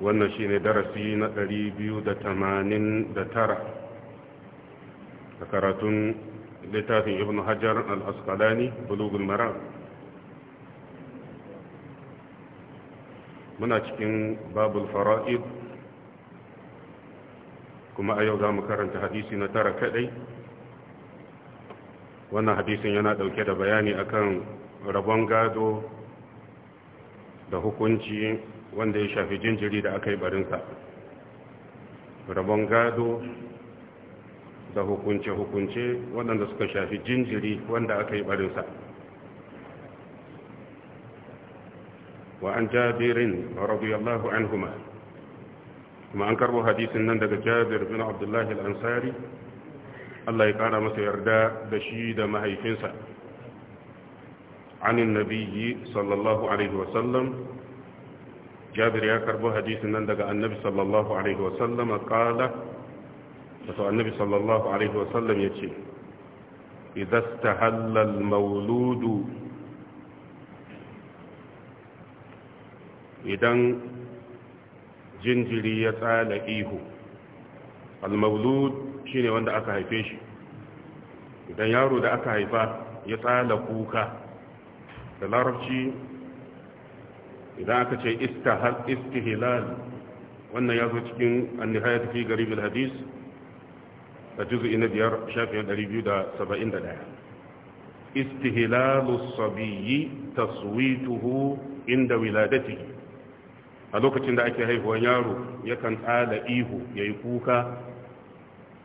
wannan shine darasi na 289 a karatun littafin ibn hajar al-asqalani bulugul maram muna cikin babul fara'id kuma a yau za mu karanta hadisi na tara kadai wannan hadisin yana dauke da bayani akan rabon gado da hukunci wanda ya shafi jinjiri da aka yi barinsa rabon gado da hukunce-hukunce waɗanda suka shafi jinjiri wanda aka yi barinsa wa an jabirin radiyallahu anhuma kuma an karbo hadisin nan daga jabir bin abdullahi al’ansari Allah ya ƙara masa yarda da shi da mahaifinsa عن النبي صلى الله عليه jabir ya karbo hadisin nan daga annabi sallallahu alaihi wasallama kala wato annabi sallallahu alaihi wasallam ya ce idasta hallal mauludu idan jinjiri ya tsala ihu almaulud shi ne wanda aka haife shi idan yaro da aka haifa ya tsala kuka da larabci idan aka ce istihlal wannan ya zo cikin annihayat fi garib alhadis a juz'i ina biyar shafin sabiyyi taswituhu inda wiladati a lokacin da ake haihuwan yaro yakan tsala ihu yayi kuka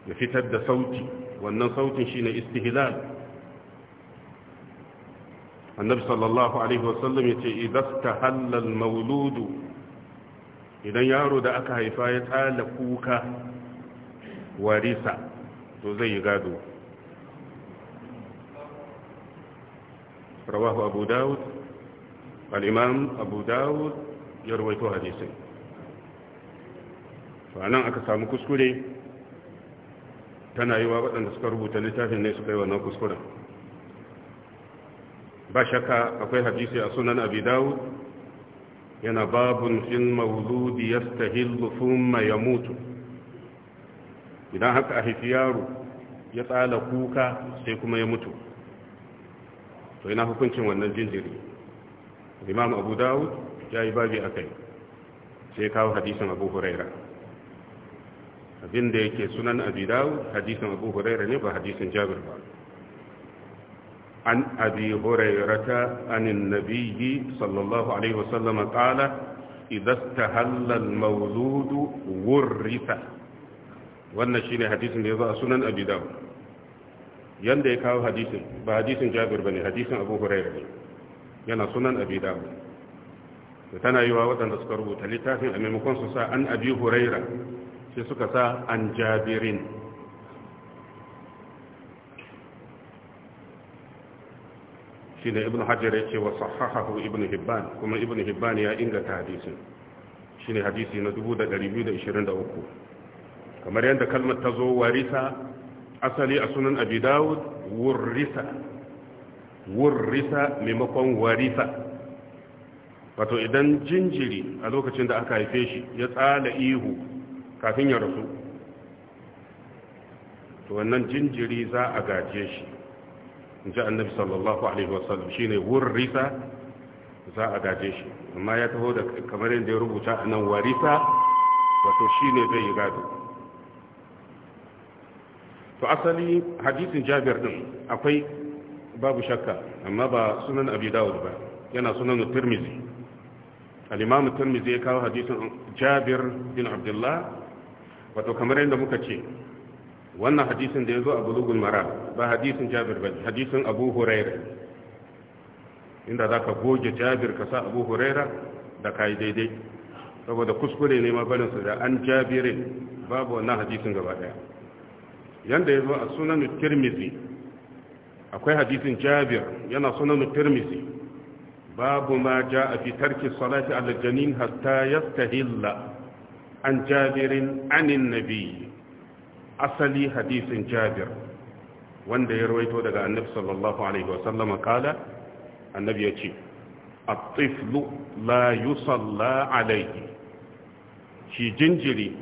ya fitar da sauti wannan sautin shine istihlal annabi sallallahu alaihi wasallam yace idan ta halal mauludu idan yaro da aka haifa ya tsala kuka warisa to zai yi gado rawahu abu Dawud, al-imam abu Dawud, ya rawaito hadisin to anan aka samu kuskure tana yi wa waɗanda suka rubuta littafin ne suka yi wannan kuskuren ba shakka akwai hadisi a sunan abi dawud yana babun fil mawludi yastahillu thumma yamutu idan haka a haifi yaro ya tsala kuka sai kuma ya mutu to ina hukuncin wannan jinjiri imam abu dawud ya yi babi a kai sai kawo hadisin abu huraira abinda yake sunan abi dawud hadisin abu huraira ne ba hadisin jabir ba عن أبي هريرة عن النبي صلى الله عليه وسلم قال إذا استهل المولود ورث wannan shi ne hadisin da ya zo a sunan abi dawud yanda ya kawo hadisin ba hadisin jabir ba ne hadisin abu Huraira ne yana sunan abi dawud da tana yi wa waɗanda suka rubuta littafin a maimakon su sa an abi huraira sai suka sa an jabirin shine ibn hajar yace wa sahahahu ibn hibban kuma ibn hibban ya inganta hadisin shine hadisi na 2223 kamar yadda kalmar ta zo warisa asali a sunan abi dawud wurrisa wurrisa maimakon warisa wato idan jinjiri a lokacin da aka haife shi ya tsala ihu kafin ya rasu to wannan jinjiri za a gaje shi ji annabi sallallahu alaihi wasallam shine wurrisa za a gaje shi amma ya taho da kamar yadda ya rubuta a nan warisa wato shine zai yi gado to asali hadisin jabir din akwai babu shakka amma ba sunan abi dawud ba yana sunan tirmizi al-imam tirmizi ya kawo hadisin jabir bin abdullah wato kamar yadda muka ce wannan hadisin da ya zo a bulugul maram ba hadisin jabir ba hadisin abu huraira inda za ka goge jabir ka sa abu huraira da ka yi daidai saboda kuskure ne mabalinsu da an jabire babu wannan hadisin gaba daya yanda ya zo a sunan tirmizi akwai hadisin jabir yana sunan tirmizi babu ma ja a ki salati aljanin hatta yastahilla an jabirin anin nabi asali hadisin jabir wanda ya rawaito daga annabi sallallahu alaihi wasallam kala annabi ya ce at-tiflu la yusalla alaihi shi jinjiri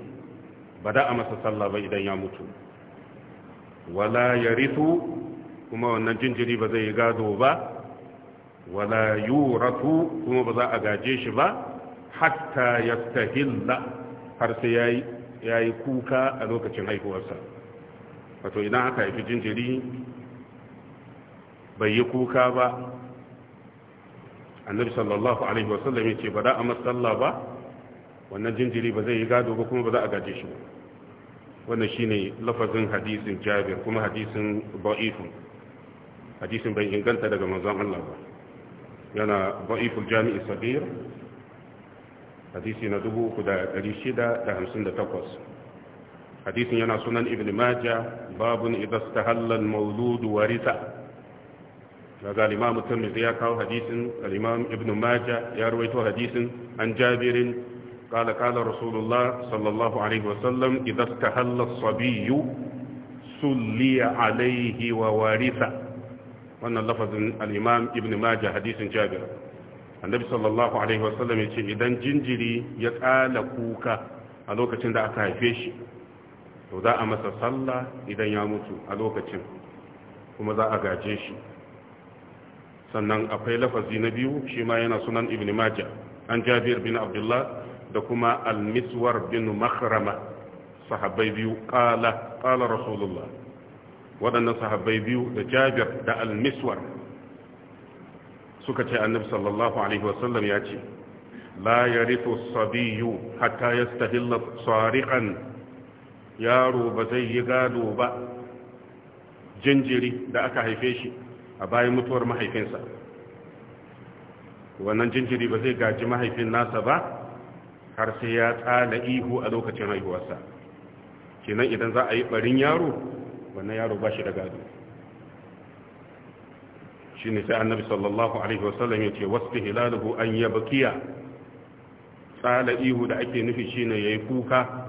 ba da a masa sallah ba idan ya mutu wala yarithu kuma wannan jinjiri ba zai gado ba wala yuratu kuma ba za a gaje shi ba hatta yastahilla har sai yayi kuka a lokacin haihuwarsa wato idan aka haifi jinjiri bai yi kuka ba annabi sallallahu alaihi wasallam ya ce ba za a matsalla ba wannan jinjiri ba zai yi gado ba kuma ba za a gaje shi ba wannan shi ne lafazin hadisin jabir kuma hadisin ba'ifun hadisin bai inganta daga manzon Allah ba yana ba'iful jami'i sabir hadisi na 3658 hadisin yana sunan ibn majah babun idza istahalla al-mawlud warisa daga al-imam tirmidhi ya kawo hadisin al-imam ibn majah ya rawaito hadisin an jabirin قال قال رسول الله صلى الله عليه وسلم إذا استهل الصبي سلي عليه ووارثه وأن لفظ الإمام ابن ماجه hadisin جابر annabi sallallahu alaihi wasallam ya ce idan jinjiri ya kala kuka a lokacin da aka haife shi to za a masa sallah idan ya mutu a lokacin kuma za a gaje shi sannan akwai lafazi na biyu shi ma yana sunan ibn majah an jabir bin abdullah da kuma al-miswar bin makhrama sahabbai biyu qala qala rasulullah waɗannan sahabbai biyu da jabir da al-miswar suka ce annabi sallallahu alaihi wasallam ya ce la yarithu as-sabiyyu hatta yastahilla sariqan yaro ba zai yi gado ba jinjiri da aka haife shi a bayan mutuwar mahaifinsa wannan jinjiri ba zai gaji mahaifin nasa ba har sai ya tsala ihu a lokacin haihuwarsa kenan idan za a yi barin yaro wannan yaro ba shi da gado shi ne sai annabi sallallahu alaihi wasallam ya ce wasu hilalahu an bakiya tsala ihu da ake nufi shi ne ya yi kuka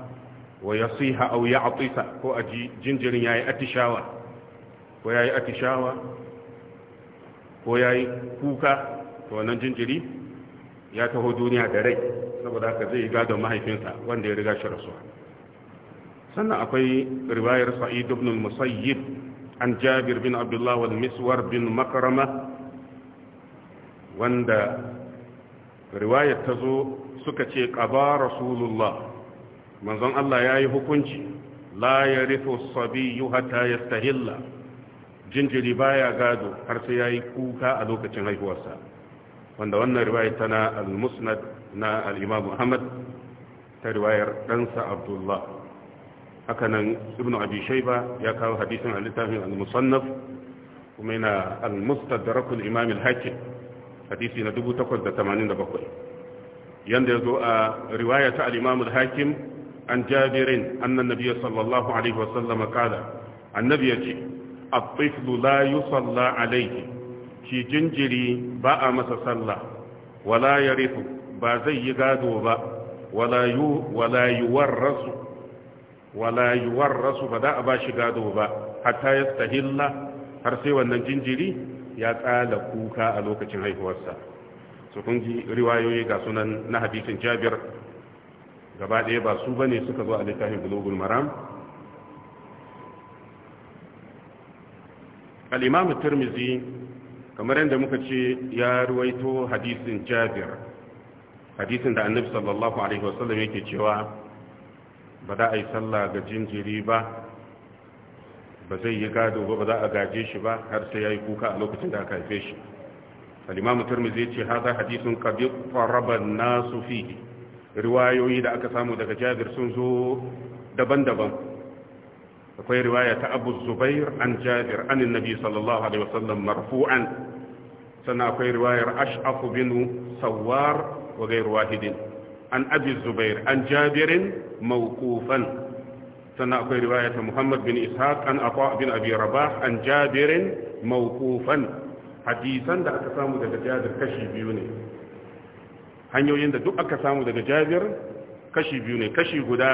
wa yasiha aw ya'tisa ko a jinjirin yayi atishawa ko yayi atishawa ko kuka to wannan jinjiri ya taho duniya da rai saboda haka zai gado mahaifinsa wanda ya riga shi rasuwa sannan akwai riwayar sa'id ibn al-musayyib an jabir bin abdullah wal miswar bin makrama wanda riwayar ta zo suka ce qaba rasulullah manzon Allah ya yi hukunci la ya rito sabi yi hata ya stahilla jinjiri baya gado har sai ya yi kuka a lokacin haihuwarsa wanda wannan riwaya tana al-musnad na al-imam Muhammad ta riwayar ɗansa Abdullah hakanan Ibn abi shayba ya kawo hadisin a littafin al-musannaf kuma yana al-mustadrak al-imam al-hakim hadisi na 1887 yanda zo a riwaya ta al-imam al-hakim an jabirin annan nabiya sallallahu alaihi wasallam kada annabi ya ce at-tiflu la yusalla alayhi shi jinjiri ba a masa sallah wala yarifu ba zai yi gado ba wala yu wala yuwarrasu wala yuwarrasu ba da a bashi gado ba hatta yastahilla har sai wannan jinjiri ya tsala kuka a lokacin haihuwarsa su kun ji riwayoyi ga sunan na hadisin Jabir gaba ɗaya ba su ba ne suka zo a littafin bulugul maram al tirmizi kamar yadda muka ce ya ruwaito hadisin jabir hadisin da annabi sallallahu alaihi wasallam yake cewa ba za a yi sallah ga jinjiri ba ba zai yi gado ba ba za a gaje shi ba har sai ya yi kuka a lokacin da aka haife shi al-imam tirmizi ya ce hadha hadisun qad faraba nasu fihi riwayoyi da aka samu daga jabir sun zo daban-daban akwai riwaya ta abu zubair an jabir an nabi sallallahu alaihi wasallam marfu'an sannan akwai riwayar ash'afu bin sawar wa gairu wahidin an abi zubair an jabirin mawqufan sannan akwai riwaya ta muhammad bin ishaq an ata bin abi rabah an jabirin mawqufan hadisan da aka samu daga jabir kashi biyu ne hanyoyin da duk aka samu daga jabir kashi biyu ne kashi guda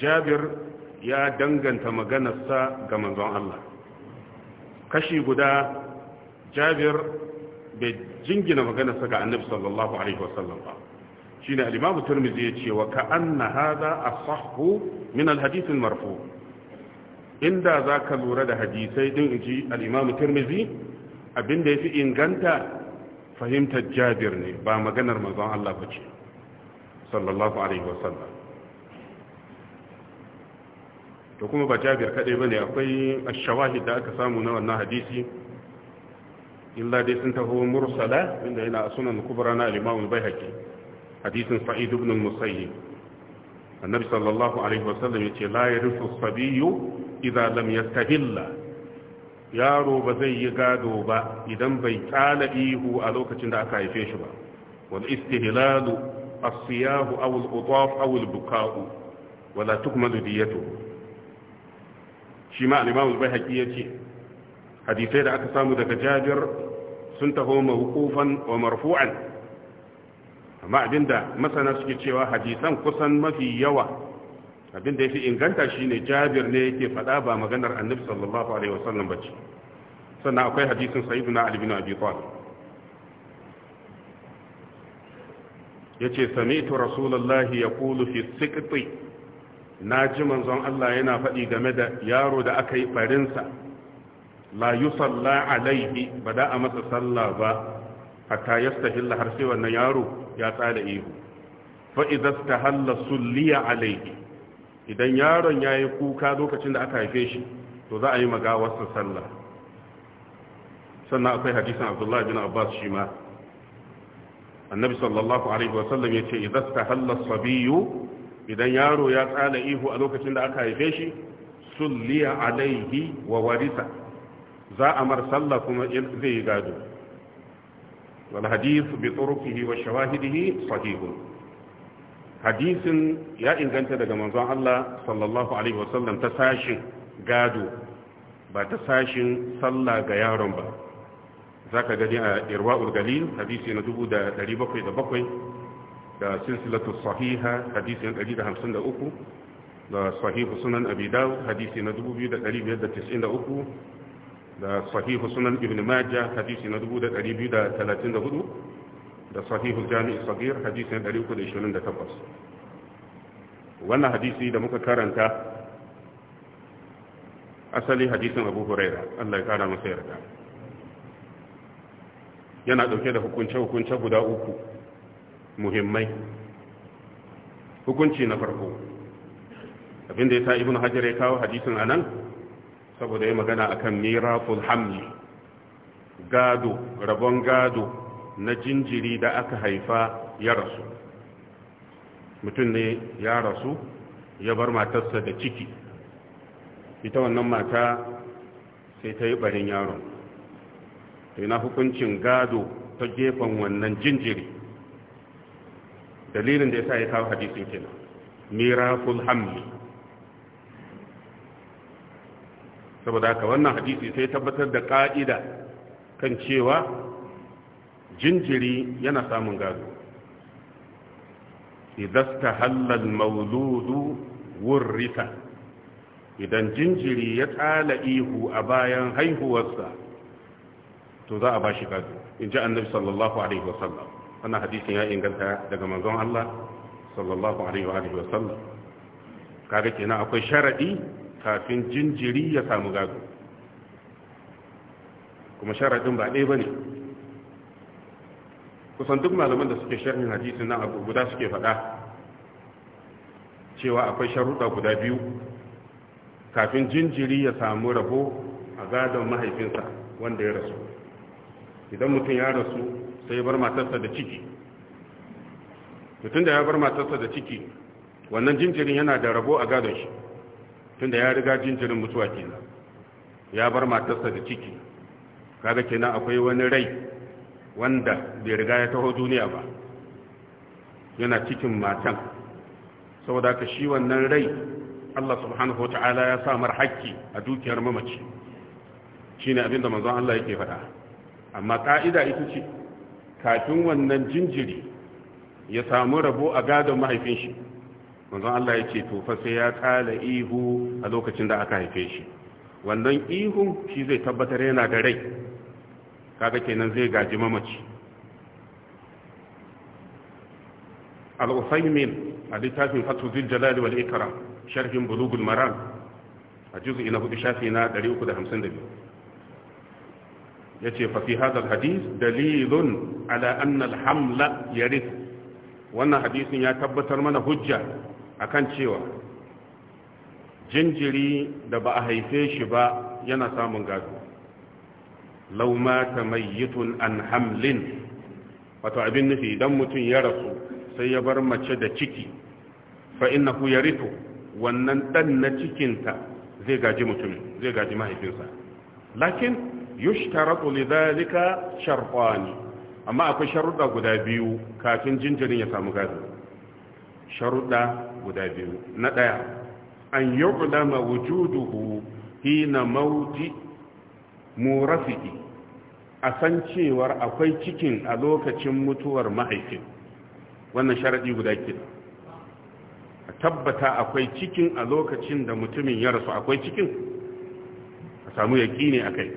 jabir ya danganta maganarsa ga manzon Allah kashi guda jabir bai jingina maganarsa ga annabi sallallahu alaihi wasallam ba shine al-imam turmizi ya ce wa ka'anna hadha asahhu min al-hadith al-marfu inda zaka lura da hadisai din inji al-imam turmizi abinda yafi inganta fahimtar jabir ne ba maganar manzon Allah ba ce sallallahu alaihi wasallam to kuma ba jabir kadai bane akwai ash-shawahid da aka samu na wannan hadisi illa dai sun taho mursala inda yana sunan kubra na al-imam al-baihaqi hadisin sa'id ibn al-musayyib annabi sallallahu alaihi wasallam yace la yarifu as-sabiyyu idza lam yastahilla yaro ba zai yi gado ba idan bai tsala ihu a lokacin da aka haife shi ba wal istihlalu as-siyahu aw al-utaf aw al-buka'u wala tukmalu diyatuhu shi ma al-imam al-baihaqi yace hadisai da aka samu daga Jabir sun taho mawqufan wa marfu'an amma abinda masana suke cewa hadisan kusan mafi yawa abin da ya fi inganta shine Jabir ne yake faɗa ba maganar Annabi sallallahu alaihi wasallam bace sannan akwai hadisin Sayyidina albin bin Abi Talib yace sami'tu Rasulullahi kulu fi Na ji manzon Allah yana faɗi game da yaro da aka yi barinsa la salla alaihi ba da a masa sallah ba hatta yastahilla har sai wannan yaro ya tsala ihu fa idza stahalla sulliya alaihi idan yaron ya yi kuka lokacin da aka haife shi to za a yi magawarsa sallah sannan akwai hadisan abdullahi bin abbas shi ma annabi sallallahu alaihi wasallam ya ce idan ta sabiyu idan yaro ya tsala ihu a lokacin da aka haife shi sulliya alaihi wa warisa za a mar sallah kuma zai yi gado wal hadith bi turuqihi wa shawahidihi sahihun hadisin ya inganta daga manzon Allah sallallahu alaihi wasallam ta sashin gado ba ta sashin sallah ga yaron ba zaka gani a irwaul galil hadisi na 1777 da silsilatu sahiha hadisi na 153 da sahihu sunan abi dawud hadisi na 2593 da sahihu sunan ibn majah hadisi na 2234 da sahihul jami'i sagir hadisin 328 wannan hadisi da muka karanta asali hadisin abu huraira Allah ya kara masa yarda yana dauke da hukunce-hukunce guda uku muhimmai hukunci na farko abinda ya sa ibn hajar ya kawo hadisin anan saboda ya magana akan miraful hamli gado rabon gado na jinjiri da aka haifa ya rasu mutum ne ya rasu ya bar matarsa da ciki ita wannan mata sai ta yi barin yaron ta na hukuncin gado ta gefen wannan jinjiri dalilin da ya sa ya kawo hadisin kenan miraful hamli saboda haka wannan hadisi sai tabbatar da ka'ida kan cewa jinjiri yana samun gado idan ta halal mauludu wurrita idan jinjiri ya tsala ihu a bayan haihuwarsa to za a ba shi gado in ji annabi sallallahu alaihi wasallam wannan hadisin ya inganta daga manzon Allah sallallahu alaihi wasallam kaga kenan akwai sharadi kafin jinjiri ya samu gado kuma sharadin ba ɗaya bane kusan duk malaman da suke sharhin hadisi na abu guda suke faɗa cewa akwai sharuɗa guda biyu kafin jinjiri ya samu rabo a gadon mahaifinsa wanda ya rasu idan mutum ya rasu sai bar matarsa da ciki mutum da ya bar matarsa da ciki wannan jinjirin yana da rabo a gadon shi tun da ya riga jinjirin mutuwa kenan ya bar matarsa da ciki kaga kenan akwai wani rai wanda bai riga ya taho duniya ba yana cikin matan saboda ka shi wannan rai Allah subhanahu wata'ala ya sa mar haƙƙi a dukiyar mamaci shine abinda da manzon Allah yake faɗa amma ka'ida ita ce kafin wannan jinjiri ya samu rabo a gadon mahaifin shi manzon Allah ya ce tofa sai ya kala ihu a lokacin da aka haife shi wannan ihu shi zai tabbatar yana da rai kaga kenan zai gaji mamaci al-usaymin a littafin fatu zil jalali wal ikram sharhin bulugul maram a juz'i ina hudu shafi na 352 yace fa fi hadha al dalilun ala anna hamla yarith wannan hadisin ya tabbatar mana hujja akan cewa jinjiri da ba a haife shi ba yana samun gado law mata mayyitun an hamlin wato abin nufi idan mutum ya rasu sai ya bar mace da ciki fa innahu yarithu wannan dan na cikinta zai gaji mutumin zai gaji mahaifinsa lakin yushtaratu lidhalika shartani amma akwai sharuɗa guda biyu kafin jinjirin ya samu gado sharuɗa guda biyu na ɗaya an yuqdama wujuduhu hina mauti murafiki a san cewar akwai cikin a lokacin mutuwar mahaifin wannan sharadi guda ke a tabbata akwai cikin a lokacin da mutumin ya rasu akwai cikin a samu ne a kai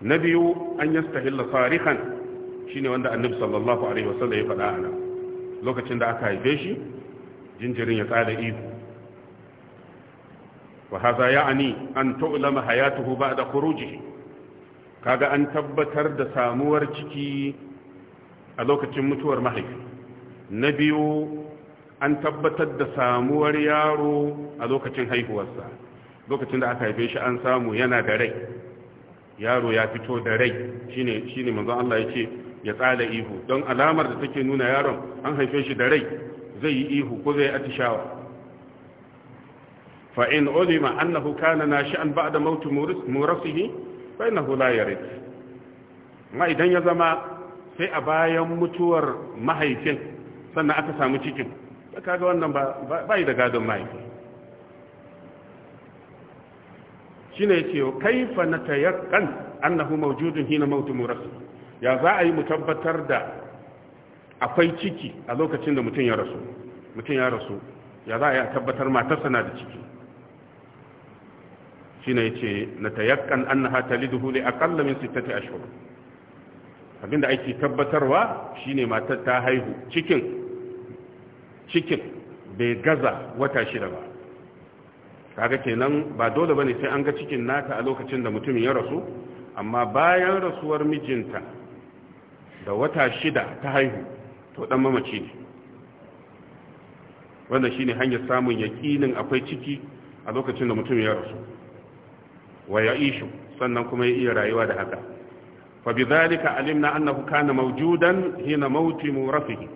na biyu an yastahilla sarihan shine wanda annabi sallallahu alaihi da ya faɗa a lokacin da aka haife shi jinjirin ya tsada ihu wa haza ya'ani an tu'lama hayatuhu ba'da khurujihi kaga an tabbatar da samuwar ciki a lokacin mutuwar mahaifi na biyu an tabbatar da samuwar yaro a lokacin haihuwarsa lokacin da aka haife shi an samu yana da rai yaro ya fito da rai shine shine manzon Allah yace ya tsala ihu don alamar da take nuna yaron an haife shi da rai zai yi ihu ko zai yi atishawa fa in أنه annahu kana بعد موت mautu فإنه لا innahu ما إذن ma idan ya zama sai a bayan mutuwar mahaifin sannan aka samu cikin kaga wannan ba ba yi da gadon mahaifi shine yace kaifa natayaqqan annahu mawjudun hina mautu murasihi ya za a yi mu tabbatar da akwai ciki a lokacin da mutum ya rasu mutum ya rasu ya za a yi a tabbatar matarsa na da ciki shine yace na tayakkan annaha taliduhu li aqalla min sittati ashhur abinda ake tabbatarwa shine matar ta haihu cikin cikin bai gaza wata shida ba kaga kenan ba dole bane sai an ga cikin nata a lokacin da mutumin ya rasu amma bayan rasuwar mijinta da wata shida ta haihu to dan mamaci ne wannan shine hanyar samun yakinin akwai ciki a lokacin da mutum ya rasu wa ishu sannan kuma ya iya rayuwa da haka fa bidhalika alimna annahu kana mawjudan hina mauti murafihi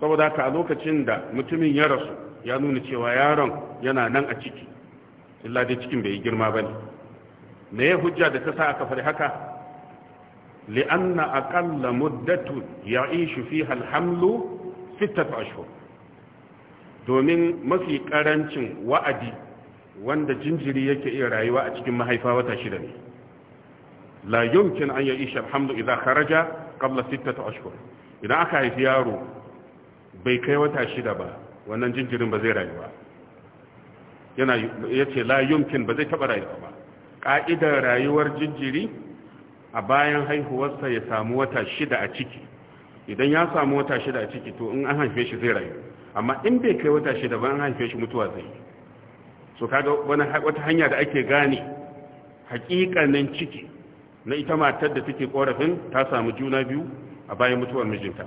saboda haka a lokacin da mutumin ya rasu ya nuna cewa yaron yana nan a ciki illa dai cikin bai girma bane me ya hujja da ta sa aka fari haka لأن أقل مدة يعيش فيها الحمل ستة أشهر domin mafi ƙarancin wa'adi wanda jinjiri yake iya rayuwa a cikin mahaifa wata shida ne la yumkin an ya'isha alhamdu idza kharaja qabla sittati ashhur idan aka haifi yaro bai kai wata shida ba wannan jinjirin ba zai rayuwa yana yace la yumkin ba zai taba rayuwa ba ka'idar rayuwar jinjiri a bayan haihuwarsa ya samu wata shida a ciki idan ya samu wata shida a ciki to in an haife shi zai rayu amma in bai kai wata shida ba an haife shi mutuwa zai yi so kaga wata hanya da ake gane hakikanin ciki na ita matar da take korafin ta samu juna biyu a bayan mutuwar mijinta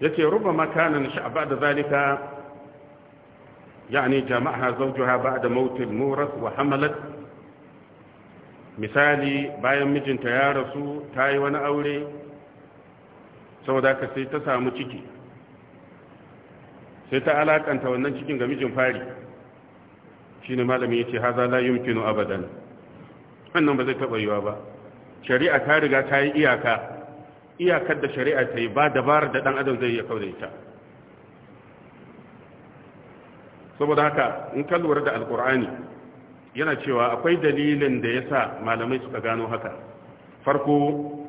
yace ruba makanan a da zalika yani jama'a zawjuha ba'da maut al wa hamalat misali bayan mijinta ya rasu tayi wani aure saboda ka sai ta samu ciki sai ta alakanta wannan cikin ga mijin fari shine ce yace haza la yumkinu abadan wannan ba zai taba yiwa ba shari'a ta riga ta yi iyaka iyakar da shari'a ta yi ba dabarar da dan adam zai iya kauda ita saboda haka in ka da alkur'ani yana cewa akwai dalilin da ya sa malamai suka gano haka farko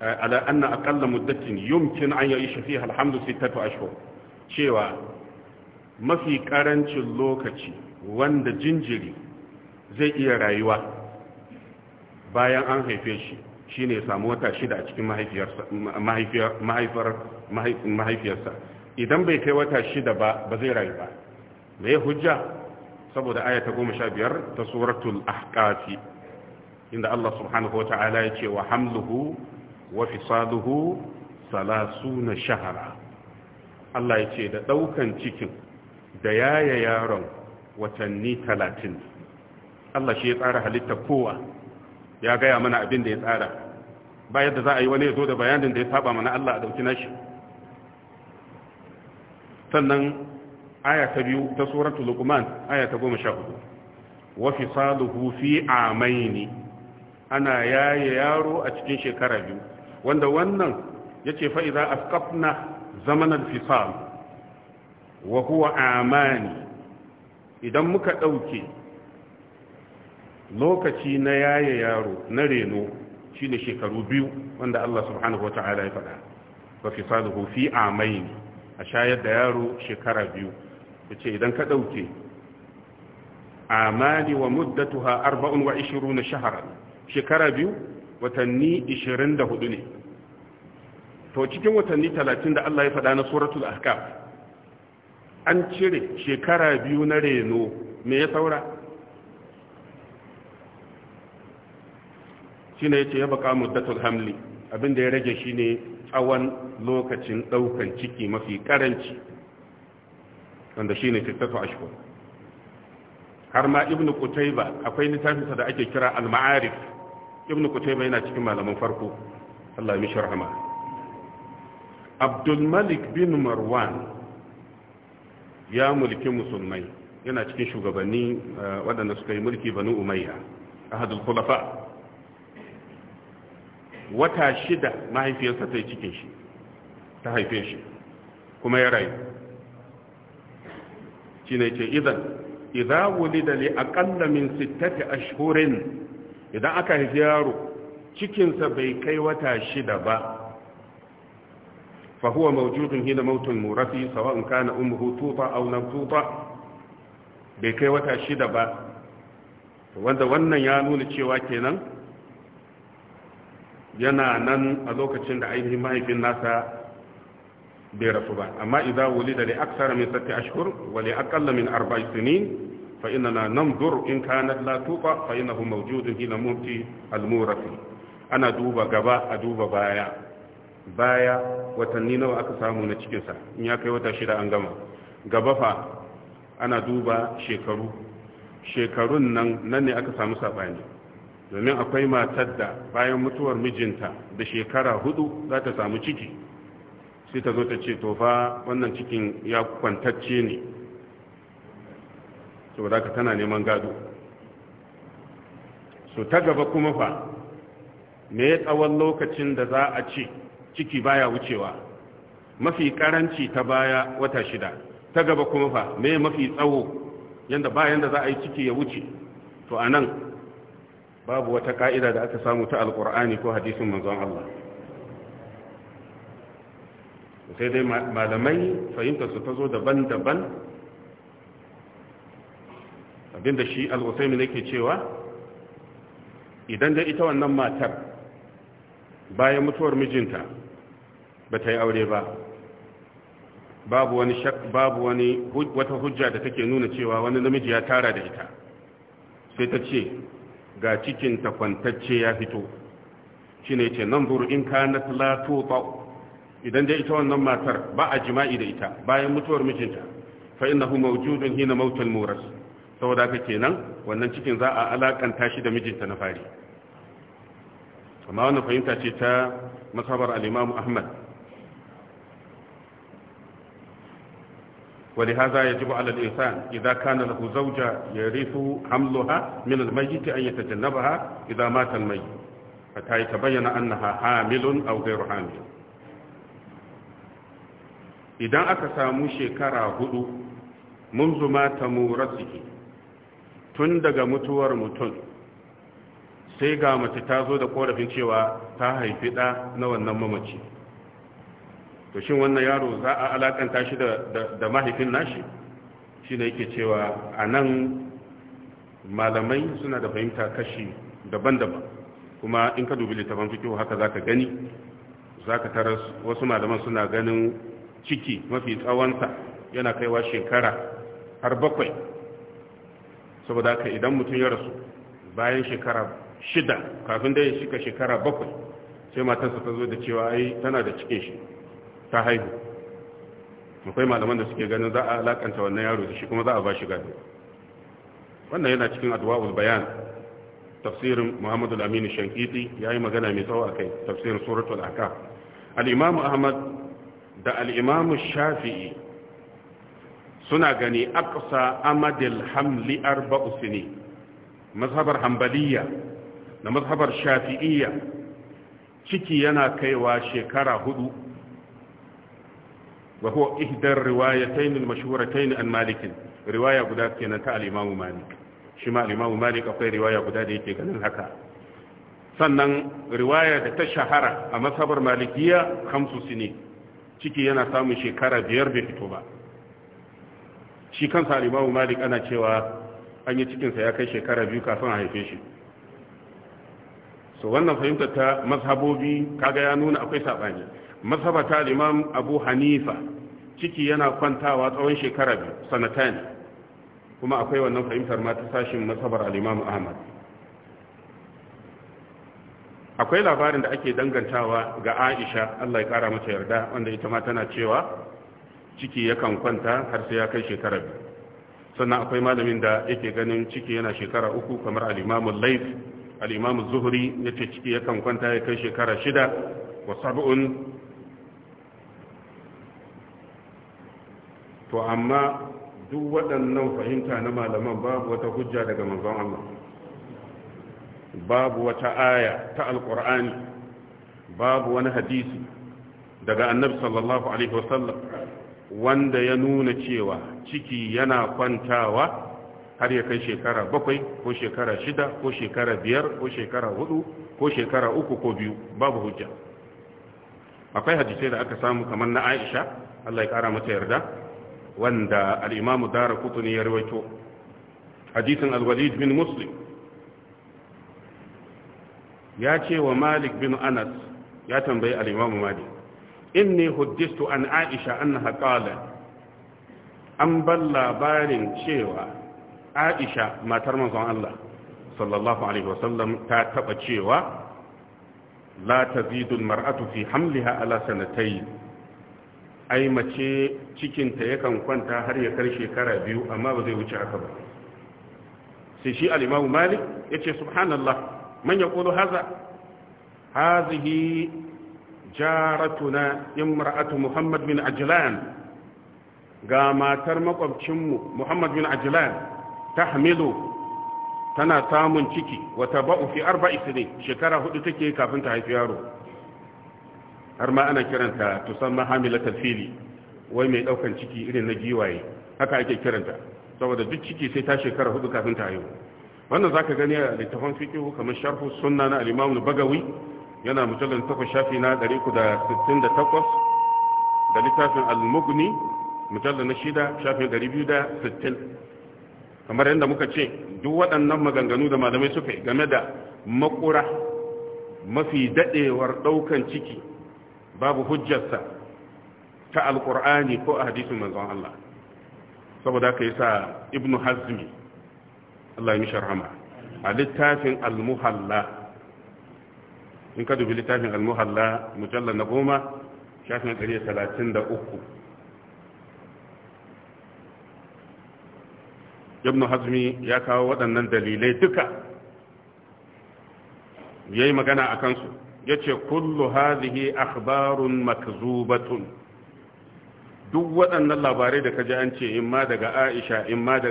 eh, ala anna aqalla muddatin yumkin an ya'isha fiha alhamdu sittatu ashhur cewa mafi karancin lokaci wanda jinjiri zai iya rayuwa bayan an haife shi shi ne samu wata shida a cikin mahaifiyarsa idan bai kai wata shida ba ba zai rayu ba mai hujja saboda ayata goma sha biyar ta suratul ahqafi inda Allah subhanahu wa ta'ala ya ce wa hamluhu wa fisaluhu na shahara Allah ya ce da ɗaukan cikin da yaya yaron watanni talatin Allah shi ya tsara halitta kowa ya gaya mana abin da ya tsara ba yadda za a yi wani ya zo da bayanin da ya saba mana Allah a ɗauki nashi sannan aya ta biyu ta suratul luqman aya ta goma sha hudu wa fisaluhu fi amaini ana yaya yaro a cikin shekara biyu wanda wannan yace fa idza kafna. zaman alfisal wa huwa amani idan muka ɗauke lokaci na yaya yaro na reno shine shekaru biyu wanda Allah subhanahu wa ta'ala ya faɗa wa fisaluhu fi amaini a shayar da yaro shekara biyu yace idan ka ɗauke amani wa muddatuha 24 shahran shekara biyu watanni hudu ne to cikin watanni talatin da Allah ya faɗa na suratul ahkam an cire shekara biyu na reno me ya saura shi ya ce ya baka muddatul hamli abinda ya rage shi ne tsawon lokacin ɗaukan ciki mafi karanci, wanda shi ne tattafa ashko har ma ibn kutaiba akwai littafinsa da ake kira al-ma'arif ibn kutaiba yana cikin malaman farko Allah ya mishi rahama abdulmalik bin marwan ya mulki musulmai yana cikin shugabanni eh, waɗanda suka yi mulki banu umayya ahadul khulafa wata shida mahaifiyarsa ta yi cikin shi ta haife shi kuma ya rayu shi ne ce idan idan wulida li aqalla min sittati ashhurin idan aka haifi yaro cikinsa bai kai wata shida ba فهو موجود هنا موت المورثي سواء كان أمه توطى أو لم بكي وتأشد با wanda wannan ya nuna cewa kenan yana nan a lokacin da ainihin mahaifin nasa bai rasu ba amma idan wuli da aksara min sati ashkur wa li aqalla min arba'i sinin fa inna nanzur in kana la tuqa fa innahu mawjudun hina mumti ana duba gaba a duba baya baya watanni nawa aka samu na cikinsa in ya kai wata shida an gama gaba fa ana duba shekaru shekarun nan nan ne aka samu saɓani domin akwai matar da bayan mutuwar mijinta da shekara hudu za ta samu ciki sai ta zo ta ce to fa wannan cikin ya kwantacce ne da ka tana neman gado so ta gaba kuma fa me tsawon lokacin da za a ce ciki baya wucewa mafi karanci ta baya wata shida ta gaba kuma fa me mafi tsawo yanda bayan da za a yi ciki ya wuce to anan babu wata ka'ida da aka samu ta alkur'ani ko hadisin manzon Allah sai dai malamai fahimta su ta zo daban-daban abinda shi al'usaimi ke cewa idan da ita wannan matar bayan mutuwar mijinta ba ta yi aure ba babu wani babu wani wata hujja da take nuna cewa wani namiji ya tara da ita sai ta ce ga cikin ta kwantacce ya fito shine yace nan buru in na la ba idan dai ita wannan matar ba a jima'i da ita bayan mutuwar mijinta fa innahu mawjudun hina mautal muras saboda haka kenan wannan cikin za a alakanta shi da mijinta na fari amma wannan fahimta ce ta masabar al-Imam Ahmad ولهذا يجب على الإنسان إذا كان له زوجة يريف حملها من الميت أن يتجنبها إذا مات الميت حتى يتبين أنها حامل أو غير حامل إذا أكسامو شكرا هدو منذ ما تمورسه تندق متور متن sai ga mace ta zo da korafin cewa ta haifi ɗa na wannan mamaci to shin wannan yaro za a alakanta shi da mahaifin nashi shi ne yake cewa a nan malamai suna da fahimta kashi daban-daban kuma in ka dubi littafin fikihu haka za ka gani za ka tara wasu malaman suna ganin ciki mafi tsawonsa yana kaiwa shekara har bakwai saboda ka idan mutum ya rasu bayan shekara shida kafin da ya shika shekara bakwai sai matarsa ta zo da cewa ai tana da cikin shi ta haihu akwai malaman da suke ganin za a alakanta wannan yaro da shi kuma za a ba shi gado wannan yana cikin adwa'ul bayan tafsirin muhammadu aminu shankiti ya yi magana mai tsawo a kai tafsirin suratul aka al'imamu ahmad da al'imamu shafi'i suna gani aqsa amadil hamli arba'u sini mazhabar hambaliya da mazhabar shafi'iyya ciki yana kaiwa shekara hudu wa huwa ihdar riwayatayn al-mashhuratayn an malik riwaya guda kenan ta al malik shi ma malik akwai riwaya guda da yake ganin haka sannan riwaya da ta shahara a masabar malikiya hamsu ne ciki yana samun shekara biyar bai fito ba shi kansa alimawu malik ana cewa an yi cikinsa ya kai shekara biyu kafin a haife shi so wannan fahimtar ta mazhabobi kaga ya nuna akwai saɓani masabata ta imam abu hanifa ciki yana kwantawa tsawon shekara biyu sanatan kuma akwai wannan fahimtar ma ta sashin mazhabar al ahmad akwai labarin da ake dangantawa ga aisha allah ya kara mata yarda wanda ita ma tana cewa ciki yakan kwanta har sai ya kai shekara biyu sannan akwai malamin da yake ganin ciki yana shekara uku kamar al laif al zuhuri zuhri yace ciki yakan kwanta ya kai shekara shida wa sab'un to amma duk waɗannan fahimta na malaman babu wata hujja daga manzon Allah babu wata aya ta alkur'ani babu wani hadisi daga annabi sallallahu alaihi wasallam wanda ya nuna cewa ciki yana kwantawa har ya kai shekara bakwai ko shekara shida ko shekara biyar ko shekara hudu ko shekara uku ko biyu babu hujja akwai hadisai da aka samu kamar na aisha allah ya kara mata yarda wanda al'imamu dara kutuni ya rawaito hadisin alwalid bin muslim ya ce wa malik bin anas ya tambayi al'imamu malik ne huddistu an aisha an qala an ban labarin cewa aisha matar manzon Allah sallallahu alaihi wasallam ta taɓa cewa la tazidu mar'atu fi hamliha ala sanatayn ai mace cikinta yakan kwanta har ya kar shekara biyu amma ba zai wuce haka ba sai shi al'imamu malik ya ce subhanallah man ya haza hazihi jaratuna imra'atu muhammad bin ajlan ga matar makwabcinmu muhammad bin ajlan ta hamilu tana samun ciki wata ba'u fi arba'i shekara hudu take kafin ta haifi yaro har ma ana kiranta tusamma hamilatul fili wai mai daukan ciki irin na giwaye haka ake kiranta saboda duk ciki sai ta shekara hudu kafin ta haihu wannan zaka gani a littafin fiqh kamar sharhu sunna na al-imam bagawi yana mujallal 8 shafi na 368 da littafin al-mughni mujallal na 6 shafi 260 kamar yadda muka ce duk waɗannan maganganu da malamai suka game da makura mafi dadewar daukan ciki babu hujjarsa ta alkur'ani ko a hadisin manzon Allah saboda ka yi sa ibnu hazmi Allah ya mishi a littafin al-muhalla, in ka dubi littafin al-muhalla mujallar na goma shafin uku ibn hazmi ya kawo waɗannan dalilai duka ya yi magana a kansu yace kullu hadhihi akhbarun makzubatun duk waɗannan labarai da ka kaji an ce in ma daga Aisha in ma da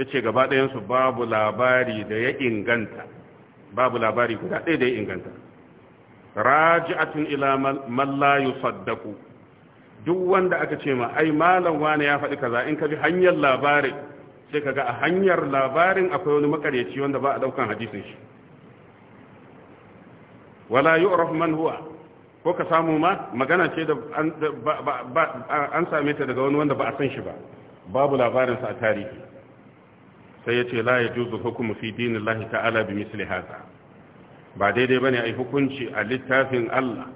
yace gaba ɗayan babu labari da ya inganta babu labari guda ɗaya da ya inganta raji'atun ila man la yusaddaqu duk wanda aka ce ma ai malam wani ya faɗi kaza in ka bi hanyar labarin sai kaga a hanyar labarin akwai wani makaryaci wanda ba a daukan hadisin shi wala yi man huwa ko ka samu ma magana ce da an same ta daga wani wanda ba a san shi ba babu labarinsa a tarihi sai ya ce la ya juzu hukumu fi dinin lahi ta'ala bi misli haka ba daidai ba ne a yi hukunci a littafin Allah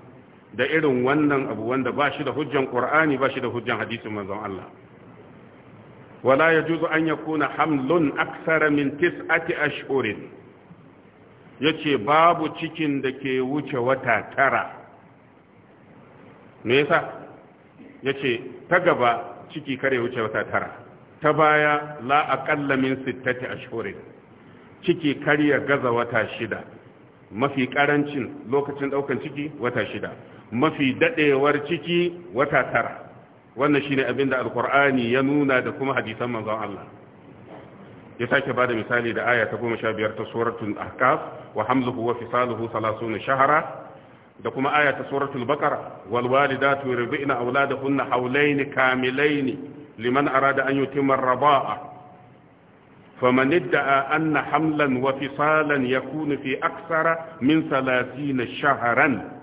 da irin wannan abu wanda ba shi da hujjan ƙur'ani ba shi da hujjan hadisin manzon Allah wala ya juzu an ya kuna hamlun aksara min tis'ati ash'urin ya ce babu cikin da ke wuce wata tara me yasa ya ce ta gaba ciki kare wuce wata tara ta baya la aƙalla min sittati ashhurin ciki karya gaza wata shida mafi ƙarancin lokacin ɗaukan ciki wata shida mafi daɗewar ciki wata tara wannan shine abinda da alkur'ani ya nuna da kuma hadisan manzon Allah ya sake da misali da aya ta biyar ta suratul ahqaf wa hamluhu wa fisaluhu 30 shahara da kuma aya ta suratul baqara wal walidatu yurdina auladahunna hawlayn kamilayn liman arada an yutimma ar-rida'a faman idda'a anna hamlan wa fisalan yakunu fi aksara min salasina shaharan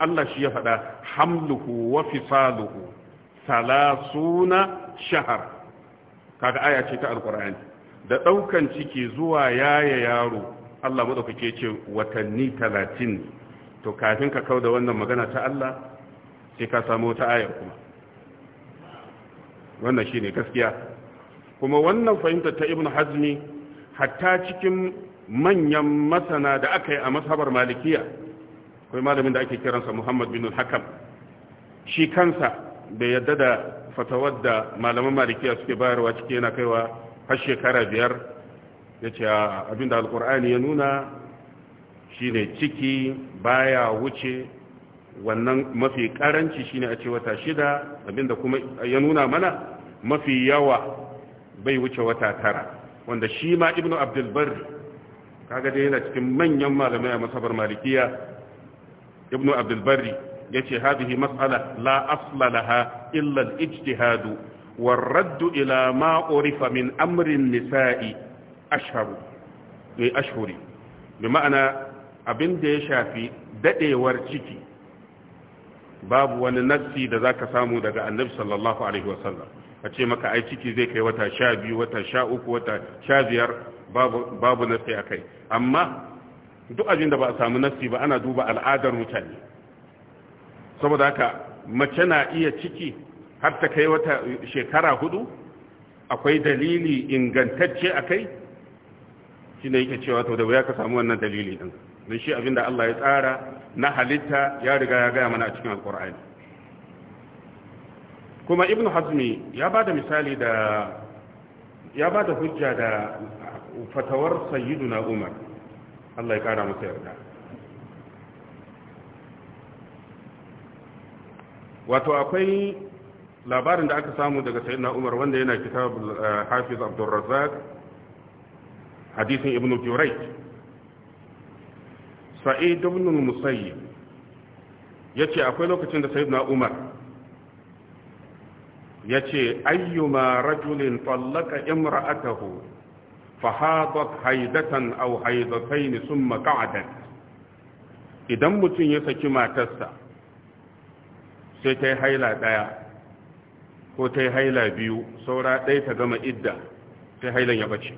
Allah shi ya faɗa hamluhu wa fisaluhu 30 shahara kaga aya ce ta alqur'ani da ɗaukan ciki zuwa yaya yaro Allah maɗaukake ce watanni talatin to kafin ka kau da wannan magana ta Allah sai ka samu wata ayar kuma wannan shi ne gaskiya kuma wannan fahimtar ta ibn hazmi hatta cikin manyan masana da aka yi a masabar malikiya Akwai malamin da ake kiransa muhammad bin hakam shi kansa da yadda da fatawar da malaman malikiya suke bayarwa ciki yana kaiwa har shekara biyar ya ce abinda alkur'ani ya nuna shine ciki baya wuce wannan mafi karanci shine a ce wata shida abinda kuma ya nuna mana mafi yawa bai wuce wata tara wanda shi ma ibnu abdulbar kaga dai yana cikin manyan malamai a masabar malikiya ibnu abdulbar ya ce hadihi mas'ala la asla laha illa al-ijtihadu warraddu ila amrin nisa'i ashharu ne eh, ashhuri ma'ana abin da ya shafi daɗewar ciki babu wani nassi da zaka samu daga annabi sallallahu alaihi wasallam a ce maka ai ciki zai kai wata sha biyu wata sha uku wata sha biyar babu nassi a kai amma duk abin da ba a samu nassi ba ana duba al'adar mutane saboda haka mace na iya ciki har ta kai wata shekara hudu akwai dalili ingantacce a kai shi ne yake cewa to da wuya ka samu wannan dalili din don shi abinda Allah ya tsara na halitta ya riga ya gaya mana a cikin alkur'ani kuma ibn hazmi ya ba da misali da ya ba da hujja da fatawar na umar Allah ya kara masa yarda wato akwai labarin da aka samu daga sayyidina umar wanda yana kitabul eh, hafiz Abdulrazak, hadisin ibnu jurayj sa'id ibn musayyib yace akwai lokacin da sayyidina umar yace ayyuma rajulin tallaka imra'atahu fahadat haidatan aw haidatayn thumma qa'adat idan mutum ya saki matarsa sai ta yi haila ɗaya ko ta yi haila biyu saura ɗaya ta gama idda sai hailan ya bace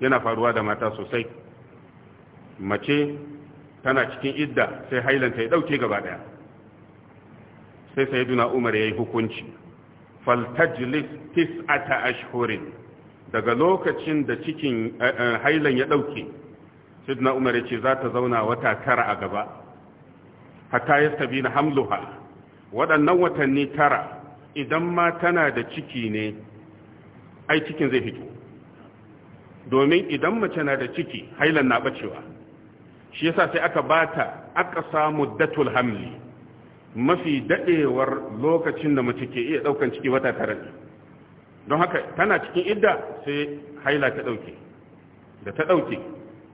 yana faruwa da mata sosai mace tana cikin idda sai hailan ta ya ɗauke gaba ɗaya sai sai duna umar ya yi hukunci faltajlis ta ashorin. daga lokacin da cikin eh, eh, hailan ya ɗauke sai umar ya ce za ta zauna wata tara a gaba hatta ya sabi na hamluha waɗannan watanni tara idan ma tana da ciki ne ai cikin zai fito domin idan mace na da ciki hailan na bacewa shi yasa sai aka bata aka samu datul hamli mafi dadewar lokacin da mace ke iya daukan ciki wata tare don haka tana cikin idda sai haila ta dauke da ta dauke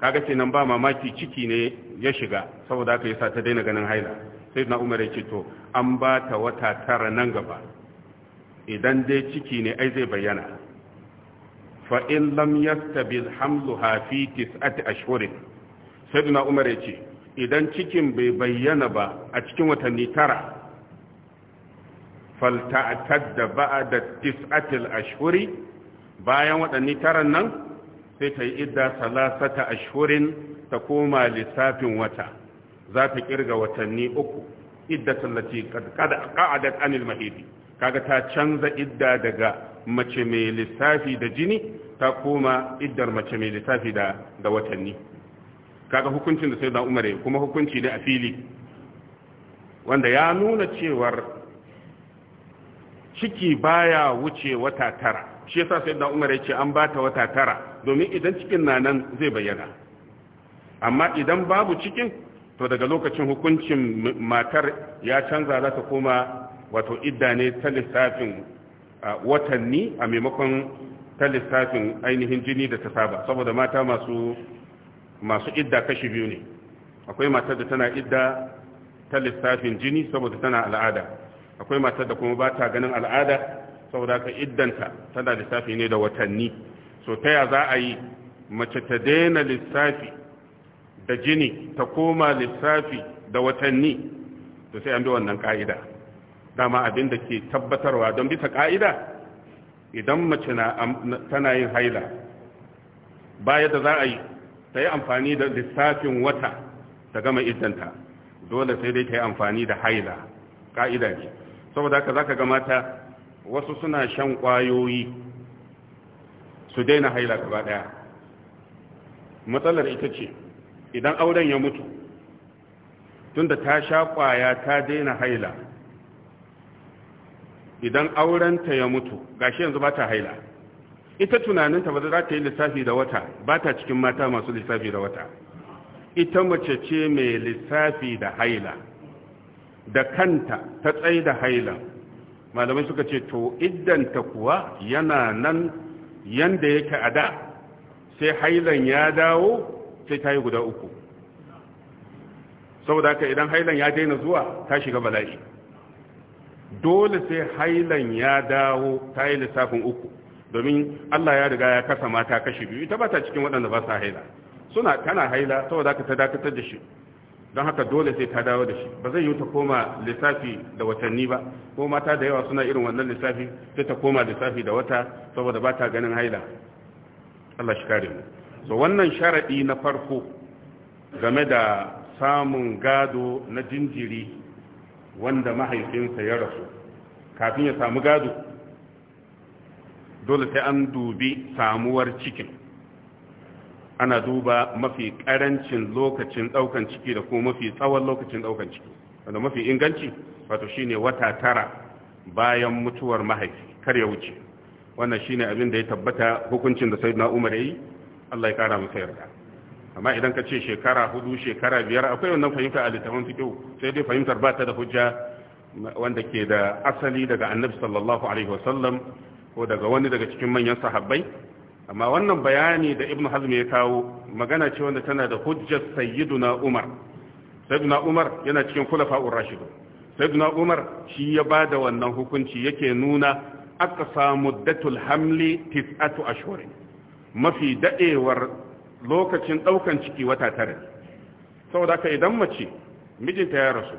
kaga ce nan ba mamaki ciki ne ya shiga saboda haka yasa ta daina ganin haila sai na umar ya ce to an ba ta wata tara nan gaba idan dai ciki ne ai zai bayyana fa in lam yastabil hamluha fi tis'ati ashhurin sayyidina umar ya ce idan cikin bai bayyana ba a cikin watanni tara falta'tadda ba'da tis'ati ashirin bayan watanni taran nan sai ta yi idda salasata ashirin ta koma lissafin wata za ta kirga watanni uku idda tallati qad qa'adat anil mahidi kaga ta canza idda daga mace mai lissafi da jini ta koma iddar mace mai lissafi da da watanni kaga hukuncin da sayyidina Umar ya kuma hukunci ne a fili wanda ya nuna cewar ciki baya wuce wata tara shi yasa sayyidina Umar ya ce an bata wata tara domin idan cikin na nan zai bayyana amma idan babu cikin to daga lokacin hukuncin matar ya canza za ta koma wato idda ne ta lissafin watanni a maimakon ta lissafin ainihin jini da ta saba saboda mata masu idda kashi biyu ne akwai matar da tana idda ta lissafin jini saboda tana al'ada akwai matar da kuma ba ta ganin al'ada saboda ka iddanta tana lissafi ne da watanni so ta ya za a yi mace ta daina lissafi da jini ta koma lissafi da watanni to sai an bi wannan ka'ida dama abin da ke tabbatarwa don bisa ka'ida idan mace tana yin haila baya da za a yi ta yi amfani da lissafin wata ta gama idanta dole sai dai ta yi amfani da haila ka'ida ne saboda haka za ka ga mata wasu suna shan kwayoyi su daina haila gaba daya matsalar ita ce idan auren ya mutu tunda ta sha kwaya ta daina haila idan aurenta ya mutu gashi yanzu ba ta haila ita tunaninta ba za ta yi lissafi da wata ba ta cikin mata masu lissafi da wata ita mace ce mai lissafi da haila da kanta ta tsaye da hailan malamai suka ce to iddanta kuwa yana nan yanda yake a da sai hailan ya dawo sai ta yi guda uku saboda haka idan hailan ya daina zuwa ta shiga bala'i dole sai hailan ya dawo ta yi lissafin uku domin Allah ya riga ya kasa mata kashe biyu ita ba ta cikin waɗanda ba sa haila suna tana haila saboda ka ta dakatar da shi don haka dole sai ta dawo da shi ba zai yi ta koma lissafi da watanni ba ko mata da yawa suna irin wannan lissafi sai ta koma lissafi da wata saboda ba ta ganin haila Allah shi kare mu so wannan sharadi na farko game da samun gado na jinjiri wanda mahaifinsa ya rasu kafin ya samu gado dole sai an dubi samuwar cikin ana duba mafi karancin lokacin daukan ciki da kuma mafi tsawon lokacin daukan ciki wanda mafi inganci wato shine wata tara bayan mutuwar mahaifi kar ya wuce wannan shine abin da ya tabbata hukuncin da na Umar ya yi, Allah ya kara masa yarda amma idan ka ce shekara hudu shekara biyar akwai wannan fahimta a littafin fiqh sai dai fahimtar ba ta da hujja wanda ke da asali daga annabi sallallahu alaihi wasallam ko daga wani daga cikin manyan sahabbai amma wannan bayani da ibnu hazm ya kawo magana ce wanda tana da hujjar sayyiduna umar sayyiduna umar yana cikin khulafa'ur rashidun sayyiduna umar shi ya ba da wannan hukunci yake nuna aqsa muddatul hamli tis'atu ashhurin mafi daɗewar. lokacin ɗaukan ciki wata tara saboda ka idan mace mijinta ya rasu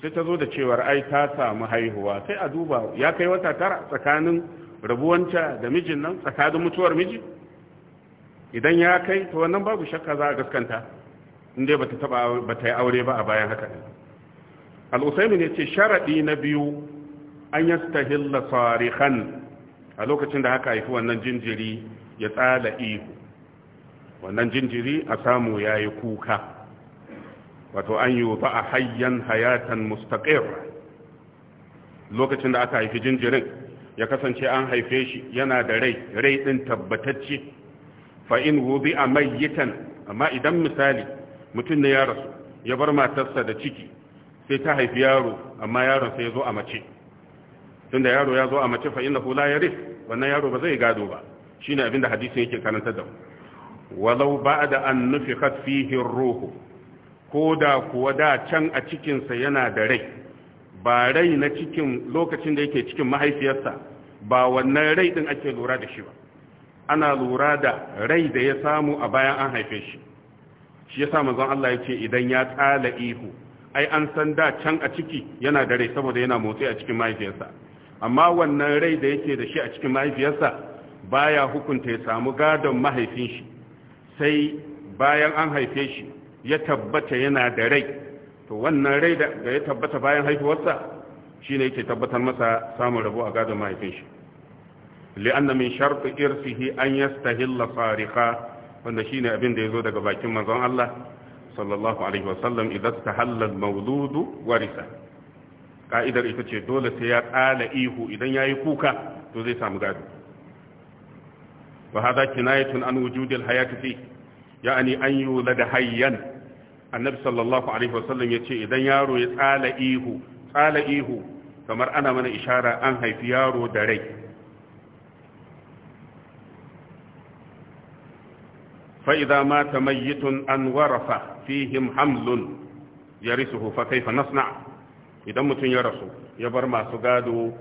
sai ta zo da cewar ai ta samu haihuwa sai a duba ya kai wata tara tsakanin rabuwanta da mijin nan tsakanin mutuwar miji idan ya kai to wannan babu shakka za a gaskanta inda bata taba bata yi aure ba a bayan haka al-usaymi ne ce sharadi na biyu an yastahilla sarihan a lokacin da haka haifi wannan jinjiri ya tsala ihu wannan jinjiri a samu ya yi kuka wato an yi ba a hayyan hayatan mustaƙir lokacin da aka haifi jinjirin ya kasance an haife shi yana da rai rai ɗin tabbatacce fa'in gobe a mayyitan amma idan misali mutum ne ya rasu ya bar matarsa da ciki sai ta haifi yaro amma yaron sai ya zo a mace tunda yaro ya zo a mace fa'in na hula ya rif wannan yaro ba zai gado ba shi ne abin da hadisin yake karanta da mu walau ba da an nufi fihi ruhu ko da kuwa da can a cikinsa yana da rai ba rai na cikin lokacin da yake cikin mahaifiyarsa ba wannan rai din ake lura da shi ba ana lura da rai da ya samu a bayan an haife shi shi yasa manzon Allah ya ce idan ya tsala ihu ai an san da can a ciki yana da rai saboda yana motsi a cikin mahaifiyarsa amma wannan rai da yake da shi a cikin mahaifiyarsa baya hukunta ya samu gadon mahaifin shi sai bayan an haife shi ya tabbata yana da rai to wannan rai da ya tabbata bayan haifuwarsa shine yake tabbatar masa samun rabo a gadon mahaifin shi li'anna min shartu irsihi an yastahilla sariqa wanda shine abin da zo daga bakin manzon Allah sallallahu alaihi wasallam idan tahalla al warisa ka'idar ita ce dole sai ya kala ihu idan yayi kuka to zai samu gado وهذا كناية عن وجود الحياة فيه يعني أن يولد حيا النبي صلى الله عليه وسلم يتي إذا يارو يتعال إيهو تعال إيهو كما أنا من إشارة أنهي في يارو داري فإذا مات ميت أن ورث فيهم حمل يرثه فكيف نصنع إذا متن يرثه يبر ما سقاده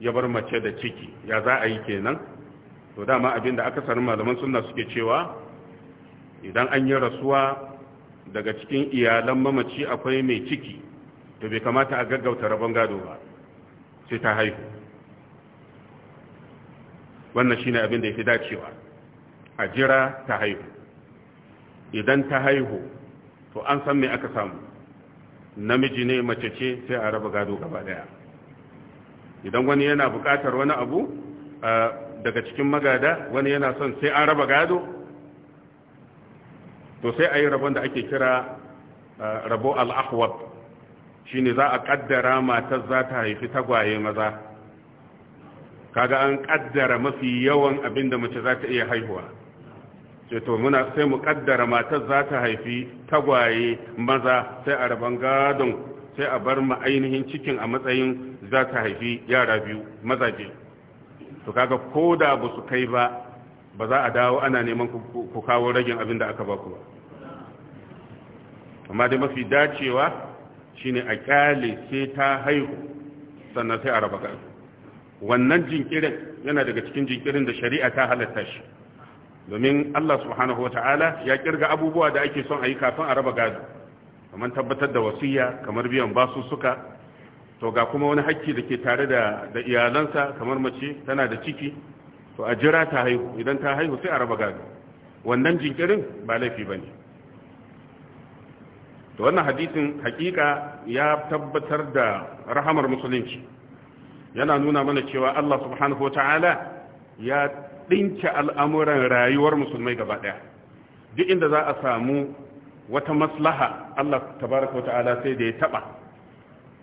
يبر ما تشد تشيكي يا ذا أي كينا to dama abinda aka sanin malaman sunna suke cewa idan an yi rasuwa daga cikin iyalan mamaci akwai mai ciki to bai kamata a gaggauta rabon gado ba sai ta haihu wannan shine abin da ya fi dacewa a jira ta haihu idan ta haihu to an san me aka samu namiji ne mace ce sai a raba gado gaba daya idan wani yana bukatar wani abu daga cikin magada wani yana son sai an raba gado to sai a rabon da ake kira eh, rabo al'ahwab shi ne za a ƙaddara matar za ta haifi tagwaye maza kaga an ƙaddara mafi yawan abin da mace za ta iya haihuwa ce to muna sai mu ƙaddara matar za ta haifi tagwaye maza sai a rabon gadon sai a bar ma ainihin cikin a matsayin za ta haifi yara biyu mazaje to kaga ko da ba su kai ba ba za a dawo ana neman ku kawo ragin abin da aka ba ku ba amma dai mafi dacewa shine a kyale sai ta haihu sannan sai a raba gado wannan jinkirin yana daga cikin jinkirin da shari'a ta halatta shi domin Allah subhanahu ta'ala ya kirga abubuwa da ake son a yi kafin a raba gado kamar tabbatar da wasiya kamar biyan basussuka to ga kuma wani hakki da ke tare da da iyalansa kamar mace tana da ciki to a jira ta haihu idan ta haihu sai a raba gado wannan jinkirin ba laifi ba ne. to wannan hadisin hakika ya tabbatar da rahamar musulunci yana nuna mana cewa Allah subhanahu wataala ya dinke al'amuran rayuwar musulmai gaba daya duk inda za a samu wata maslaha Allah tabaraka wataala sai da ya taɓa.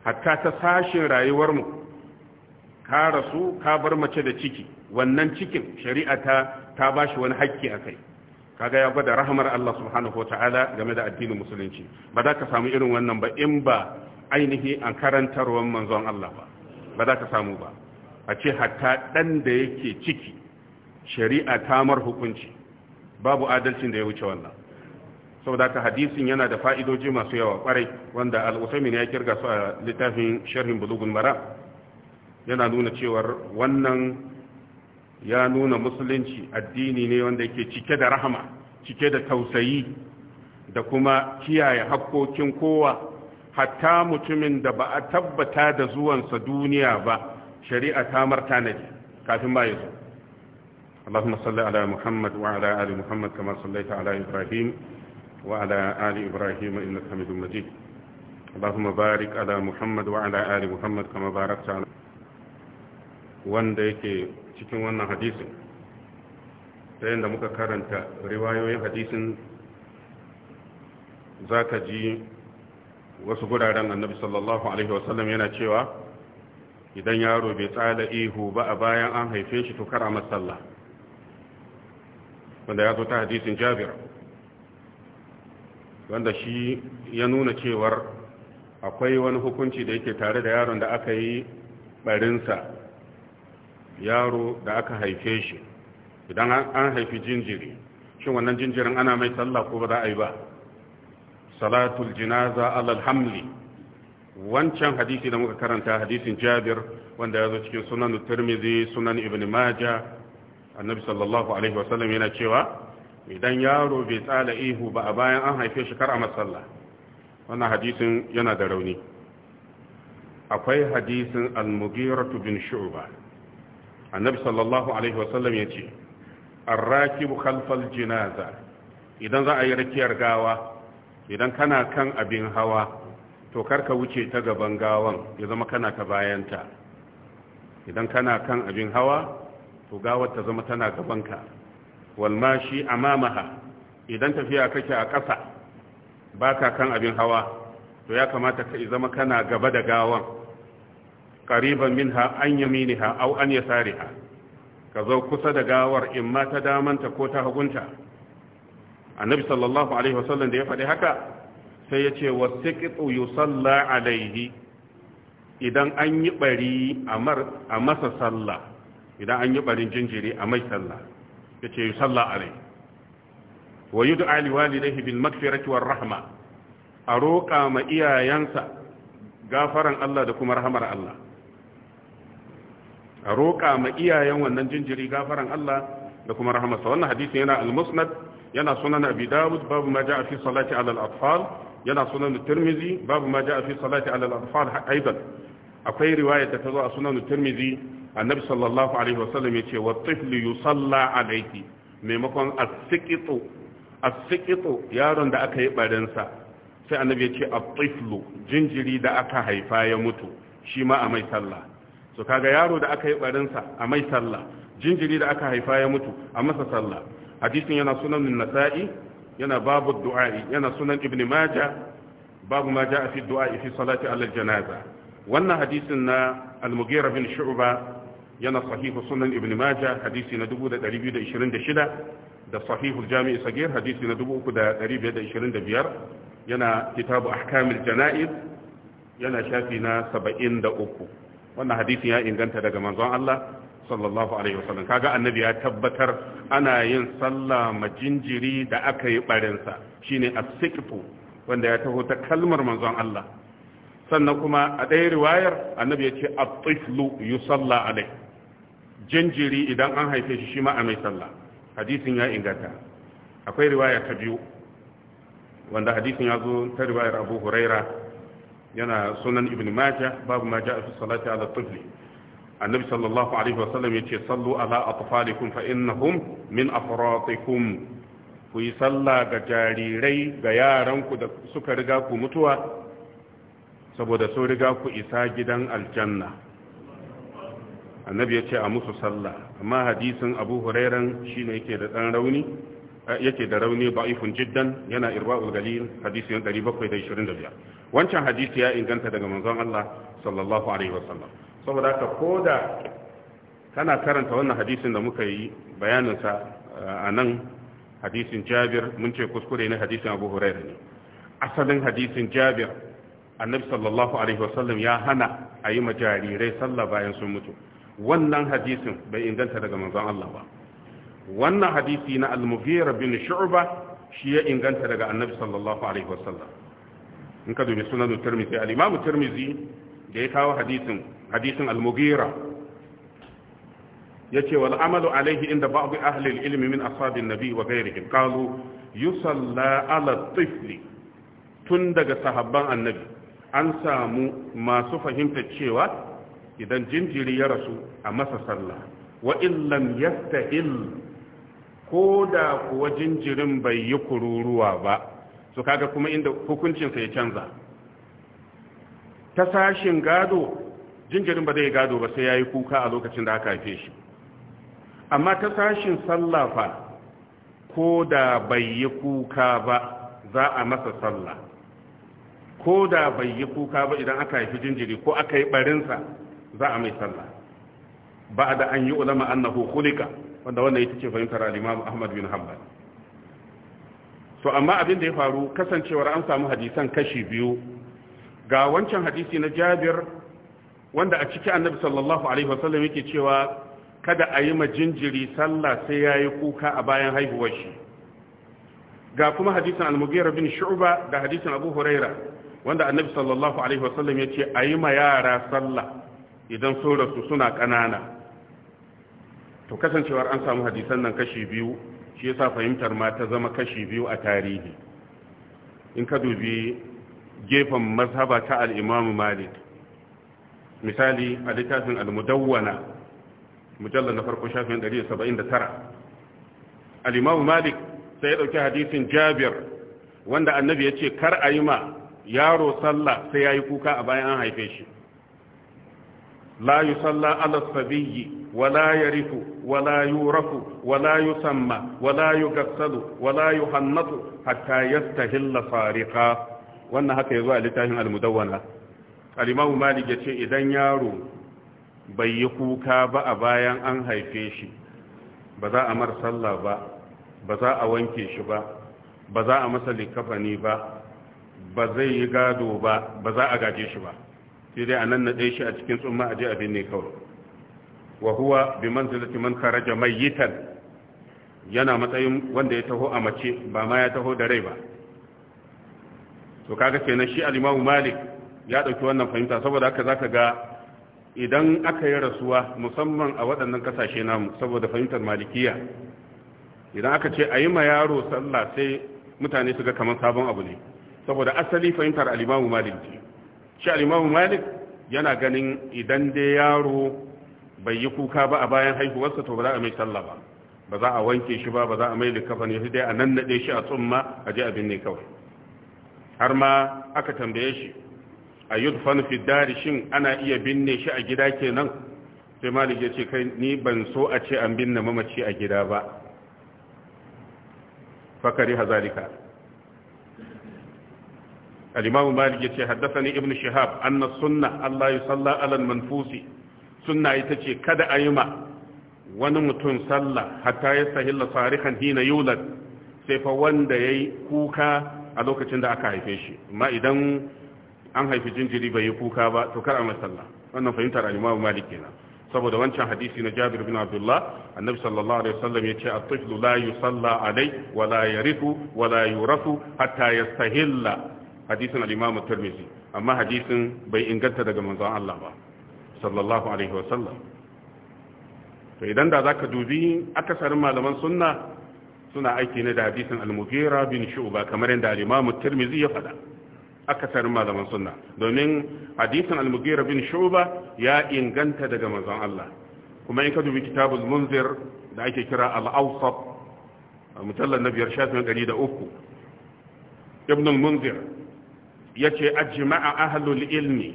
hatta ta sashin rayuwarmu ka rasu ka bar mace da ciki wannan cikin shari'a ta ta bashi wani hakki a kai kaga ya gwada rahamar Allah subhanahu wa ta'ala game da addinin musulunci ba za ka samu irin wannan ba in ba ainihi an karantarwar manzon Allah ba ba za ka samu ba a ce hatta ɗan da yake ciki shari'a ta mar hukunci babu adalcin da ya wuce wannan saboda haka hadisin yana da fa'idoji masu yawa kwarai wanda al'usaimin ya kirga su a littafin sharhin bulugun mara yana nuna cewar wannan ya nuna musulunci addini ne wanda yake cike da rahama cike da tausayi da kuma kiyaye hakkokin kowa hatta mutumin da ba a tabbata da zuwansa duniya ba shari'a ta ji. kafin ba ya zo اللهم صل على محمد وعلى آل محمد كما صليت على إبراهيم وعلى آل إبراهيم إنك حميد مجيد اللهم بارك على محمد وعلى آل محمد كما باركت على wanda yake cikin wannan hadisin ta yadda muka karanta riwayoyin hadisin za ka ji wasu guraren annabi sallallahu alaihi wasallam yana cewa idan yaro bai tsada ihu ba a bayan an haife shi tukar a matsala wanda ya zo ta hadisin jabir wanda shi ya nuna cewar akwai wani hukunci da yake tare da yaron da aka yi barinsa yaro da aka haife shi idan an haifi jinjiri shin wannan jinjirin ana mai sallah ko ba za a yi ba salatul jinaza alal hamli wancan hadisi da muka karanta hadisin jabir wanda ya zo cikin sunan turmizi sunan ibn maja annabi sallallahu alaihi wasallam yana cewa idan yaro bai tsala ihu ba a bayan an haife shi kar a matsala wannan hadisin yana da rauni akwai hadisin al-mughiratu bin shu'ba annabi sallallahu alaihi wasallam yace ar-rakibu khalfal janaza idan za a yi rakiyar gawa idan kana kan abin hawa to karka wuce ta gaban gawan ya zama kana ta bayanta idan kana kan abin hawa to gawar ta zama tana gabanka walmashi amamaha idan tafiya kake a ƙasa baka kan abin hawa to ya kamata ka zama kana gaba da gawan ƙariban minha an yaminiha au an yasariha ka zo kusa da gawar in ma ta damanta ko ta hagunta annabi sallallahu alaihi wasallam da ya faɗi haka sai ya ce wasiƙitu yusalla alaihi idan an yi bari a masa sallah idan an yi barin jinjiri a mai sallah yace yusalla alai wa yud'a li walidayhi bil maghfirati war rahma a roƙa ma iyayensa gafaran Allah da kuma rahamar Allah a roƙa ma iyayen wannan jinjiri gafaran Allah da kuma rahamarsa wannan hadisi yana al-musnad yana sunan abi dawud babu ma ja'a fi salati ala al-atfal yana sunan tirmizi babu ma ja'a fi salati ala al-atfal aidan akwai riwaya ta zo a sunan tirmizi annabi sallallahu alaihi wasallam yace wa tiflu yusalla alayhi maimakon as-siqitu as-siqitu yaron da aka yi barin sa sai annabi yace at-tiflu jinjiri da aka haifa ya mutu shi ma a mai sallah so kaga yaro da aka yi barin sa a mai sallah jinjiri da aka haifa ya mutu a masa sallah hadisin yana sunan nasai yana babu du'a'i yana sunan ibn majah babu ma ja'a fi du'a'i fi salati al-janaza wannan hadisin na al-mughira bin shu'ba yana sahihu sunan ibn maja hadisi na 2226 da sahihu jami'i sagir hadisi na 3525 yana kitabu ahkamil jana'iz yana shafi na 73 wannan hadisi ya inganta daga manzon Allah sallallahu alaihi wasallam kaga annabi ya tabbatar ana yin sallah majinjiri da aka yi barinsa shine as-siqtu wanda ya taho ta kalmar manzon Allah sannan kuma a ɗaya riwayar annabi ya ce at-tiflu a dai jinjiri idan an haife shi shi ma a mai sallah hadisin ya inganta akwai riwaya ta biyu wanda hadisin ya zo ta riwayar Abu Huraira yana sunan Ibn Majah babu ma ja'a fi salati ala tifli annabi sallallahu alaihi wasallam ce sallu ala atfalikum fa innahum min afratikum ku yi sallah ga jarirai ga yaranku da suka riga ku mutuwa saboda sun riga ku isa gidan aljanna annabi ya ce a musu sallah amma hadisin abu hurairan shi ne yake da ɗan rauni eh, yake da rauni ba'ifun jiddan yana irba'ul galil hadisin 725 wancan hadisi ya inganta daga manzon Allah sallallahu alaihi wasallam saboda ka koda kana karanta wannan hadisin da muka yi bayaninsa eh, a nan hadisin Jabir mun ce kuskure ne hadisin Abu Hurairah ne asalin hadisin Jabir annabi sallallahu alaihi wasallam ya hana a yi majarirai sallah bayan sun mutu wannan hadisin bai inganta daga manzon Allah ba wannan hadisi na al-mughira bin shu'ba shi ya inganta daga annabi sallallahu alaihi wasallam in ka dubi sunan tirmidhi al-imam tirmidhi da ya kawo hadisin hadisin al-mughira yace wal amalu alaihi inda ba'd ahli al-ilm min ashabin nabi wa ghayrihim qalu yusalla ala tifli tun daga sahabban annabi an samu masu fahimtar cewa idan jinjiri ya rasu a masa sallah wa illam yastahil ko da kuwa jinjirin bai yi kururuwa ba su kaga kuma inda hukuncinsa ya canza ta sashin gado jinjirin ba zai gado ba sai ya yi kuka a lokacin da aka haife shi amma ta sashin sallafa ko da bai yi kuka ba za a masa sallah ko da bai yi kuka ba idan aka haifi jinjiri ko aka yi barinsa za a mai sallah ba da an yi ulama annahu khulika wanda wannan yake ce fahimtar al-Imam Ahmad bin Hanbal to amma abin da ya faru kasancewar an samu hadisan kashi biyu ga wancan hadisi na Jabir wanda a ciki Annabi sallallahu alaihi wasallam yake cewa kada a yi ma jinjiri sallah sai yayi kuka a bayan haihuwar shi ga kuma hadisan al-Mughira bin Shu'ba da hadisan Abu Huraira wanda annabi sallallahu alaihi wasallam ya ce a yi ma yara sallah idan su rasu suna ƙanana to kasancewar an samu hadisan nan kashi biyu shi yasa fahimtar ma ta zama kashi biyu a tarihi in ka dubi gefen mazhaba ta al Malik misali a littafin al-Mudawwana mujallal na farko shafin 179 al Malik sai ya ɗauki hadisin Jabir wanda annabi ya ce kar a yi ma yaro sallah sai ya yi kuka a bayan an haife shi la yusalla ala sabiyyi wala yarifu wala yurafu wala yusamma wala yugassalu wala yuhannatu hatta yastahilla sariqa wannan haka yazo a littafin al-mudawwana al-imam malik yace idan yaro bai yi kuka ba a bayan an haife shi ba za a mar sallah ba ba za a wanke shi ba ba za a masa likafani ba ba zai yi gado ba ba za a gaje shi ba sai dai a nan naɗe shi a cikin tsumma a ji abin ne kawai wa huwa bi manzilati man kharaja mayitan yana matsayin wanda ya taho a mace ba ma ya taho da rai ba to kaga kenan shi al-Imam Malik ya dauki wannan fahimta saboda haka zaka ga idan aka yi rasuwa musamman a waɗannan kasashe namu saboda fahimtar malikiya idan aka ce a yi ma yaro sallah sai mutane su ga kamar sabon abu ne saboda asali fahimtar alimamu malik ce shi alimamu malik yana ganin idan dai yaro bai yi kuka ba a bayan haihuwarsa to ba za a mai sallah ba ba za a wanke shi ba ba za a mai likafa ne dai a nan naɗe shi a tsumma a je abin ne kawai har ma aka tambaye shi a yudfan fi fidari shin ana iya binne shi a gida kenan sai malik ya ce kai ni ban so a ce an binne mamaci a gida ba fakari hazalika al ya ce haddasa haddathani ibn shihab anna sunna Allah yusalla ala al-manfusi sunna ita ce kada ayi ma wani mutum sallah hatta ya sahilla sarihan hina yulad sai fa wanda yayi kuka a lokacin da aka haife shi amma idan an haifi jinjiri bai yi kuka ba to kar a mai sallah wannan fahimtar al malik kenan saboda wancan hadisi na Jabir bin Abdullah annabi sallallahu alaihi wasallam yace at-tiflu la yusalla alai wa la yarithu wa la yurathu hatta hadisin al-imam amma hadisin bai inganta daga manzon Allah ba sallallahu alaihi wasallam to idan da za ka dubi akasarin malaman sunna suna aiki ne da hadisin al-mughira bin shu'ba kamar yadda al-imam ya faɗa akasarin malaman sunna domin hadisin al-mughira bin shu'ba ya inganta daga manzon Allah kuma in ka dubi kitabul munzir da ake kira al-awsat mujallal na biyar shafin 103 ibn al-munzir Ya yace ajma'a ahlul ilmi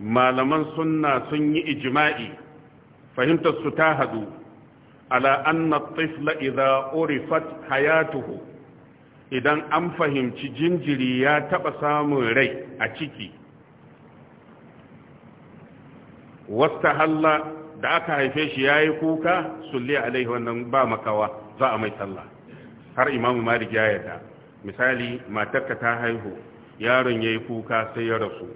malaman sunna sun yi ijima'i fahimtar su ta hadu ala anna tifla idza urifat hayatuhu idan an fahimci jinjiri ya taba samun rai a ciki wasta halla da aka haife shi ya yi kuka sulli alaihi wannan ba makawa za a mai sallah har imamu malik ya yarda misali matarka ta haihu yaron ya yi kuka sai ya rasu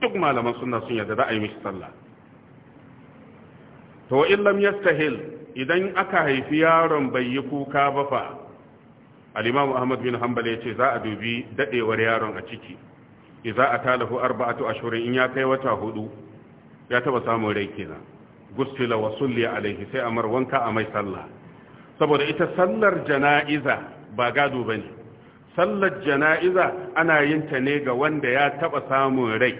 duk malaman suna sun yadda za a yi mishi sallah to illam yastahil idan aka haifi yaron bai yi kuka ba fa al ahmad bin hanbal ce za a dubi dadewar yaron a ciki idza atalahu arba'atu ashirin, in ya kai wata hudu ya taba samun rai kenan gusila wa sulli alaihi sai amar wanka a mai sallah saboda ita sallar jana'iza ba gado bane sallar jana'iza ana yin ta ne ga wanda ya taba samun rai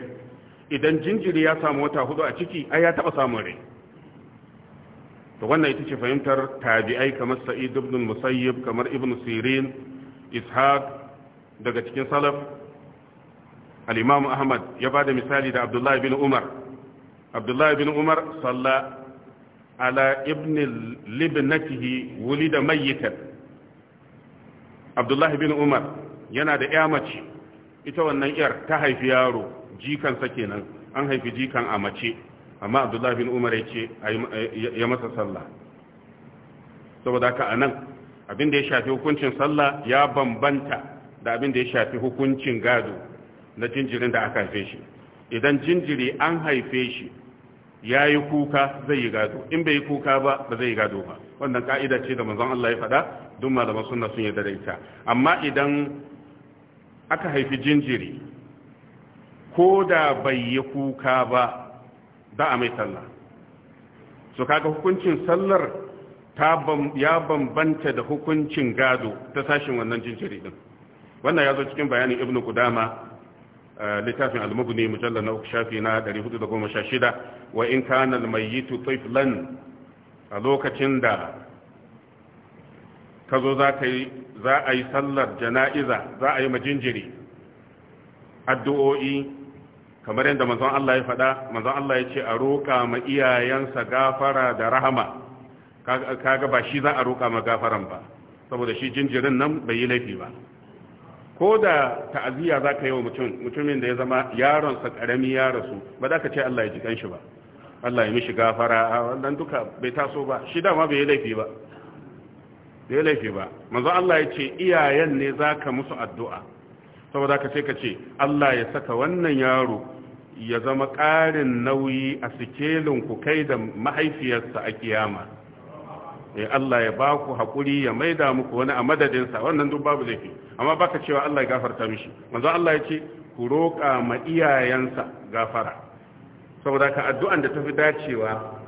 idan jinjiri ya samu wata hudu a ciki ai ya taba samun rai to wannan ita ce fahimtar tabi'ai kamar sa'id ibn musayyib kamar ibn sirin ishaq daga cikin salaf al-imam ahmad ya bada misali da abdullahi bin umar abdullahi bin umar salla ala ibn libnatihi wulida mayyitan abdullahi bin umar yana da ya mace ita wannan yar ta haifi yaro jikansa kenan an haifi jikan a mace amma abdullahi bin umar ya ce ya masa sallah saboda haka a nan abin da ya shafi hukuncin sallah ya bambanta da abin da ya shafi hukuncin gado na jinjirin da aka haife shi idan jinjiri an haife shi ya yi kuka zai yi gado in bai yi kuka ba ba zai yi gado ba wannan ka'ida ce da manzon Allah ya faɗa duk malaman sunna sun yarda da ita amma idan aka haifi jinjiri ko da bai yi kuka ba da a mai sallah su kaga hukuncin sallar ya bambanta da hukuncin gado ta sashin wannan jinjiri din wannan ya zo cikin bayanin ibnu kudama eh, littafin almugni mujallar na uku shafi na 416 wa in kana almayyitu tiflan a lokacin da ka zo za a yi sallar jana'iza za a yi majinjiri addu'o'i kamar yadda manzon Allah ya faɗa manzon Allah ya ce a roƙa ma iyayensa gafara da rahama kaga ba shi za a roƙa ma gafaran ba saboda shi jinjirin nan bai yi laifi ba ko da ta'aziyya za ka yi wa mutum mutumin da ya zama yaronsa ƙarami ya rasu ba za ka ce Allah ya ji shi ba Allah ya mishi gafara a wannan duka bai taso ba shi dama bai yi laifi ba bai laifi ba manzo Allah ya ce iyayen ne zaka musu addu'a saboda ka ce ka ce Allah ya saka wannan yaro ya zama ƙarin nauyi a sikelin ku kai da mahaifiyarsa a kiyama eh Allah ya ba ku hakuri ya maida muku wani a madadinsa wannan duk babu laifi amma baka cewa Allah ya gafarta mishi manzo Allah ya ce ku roƙa ma iyayensa gafara saboda ka addu'an da tafi dacewa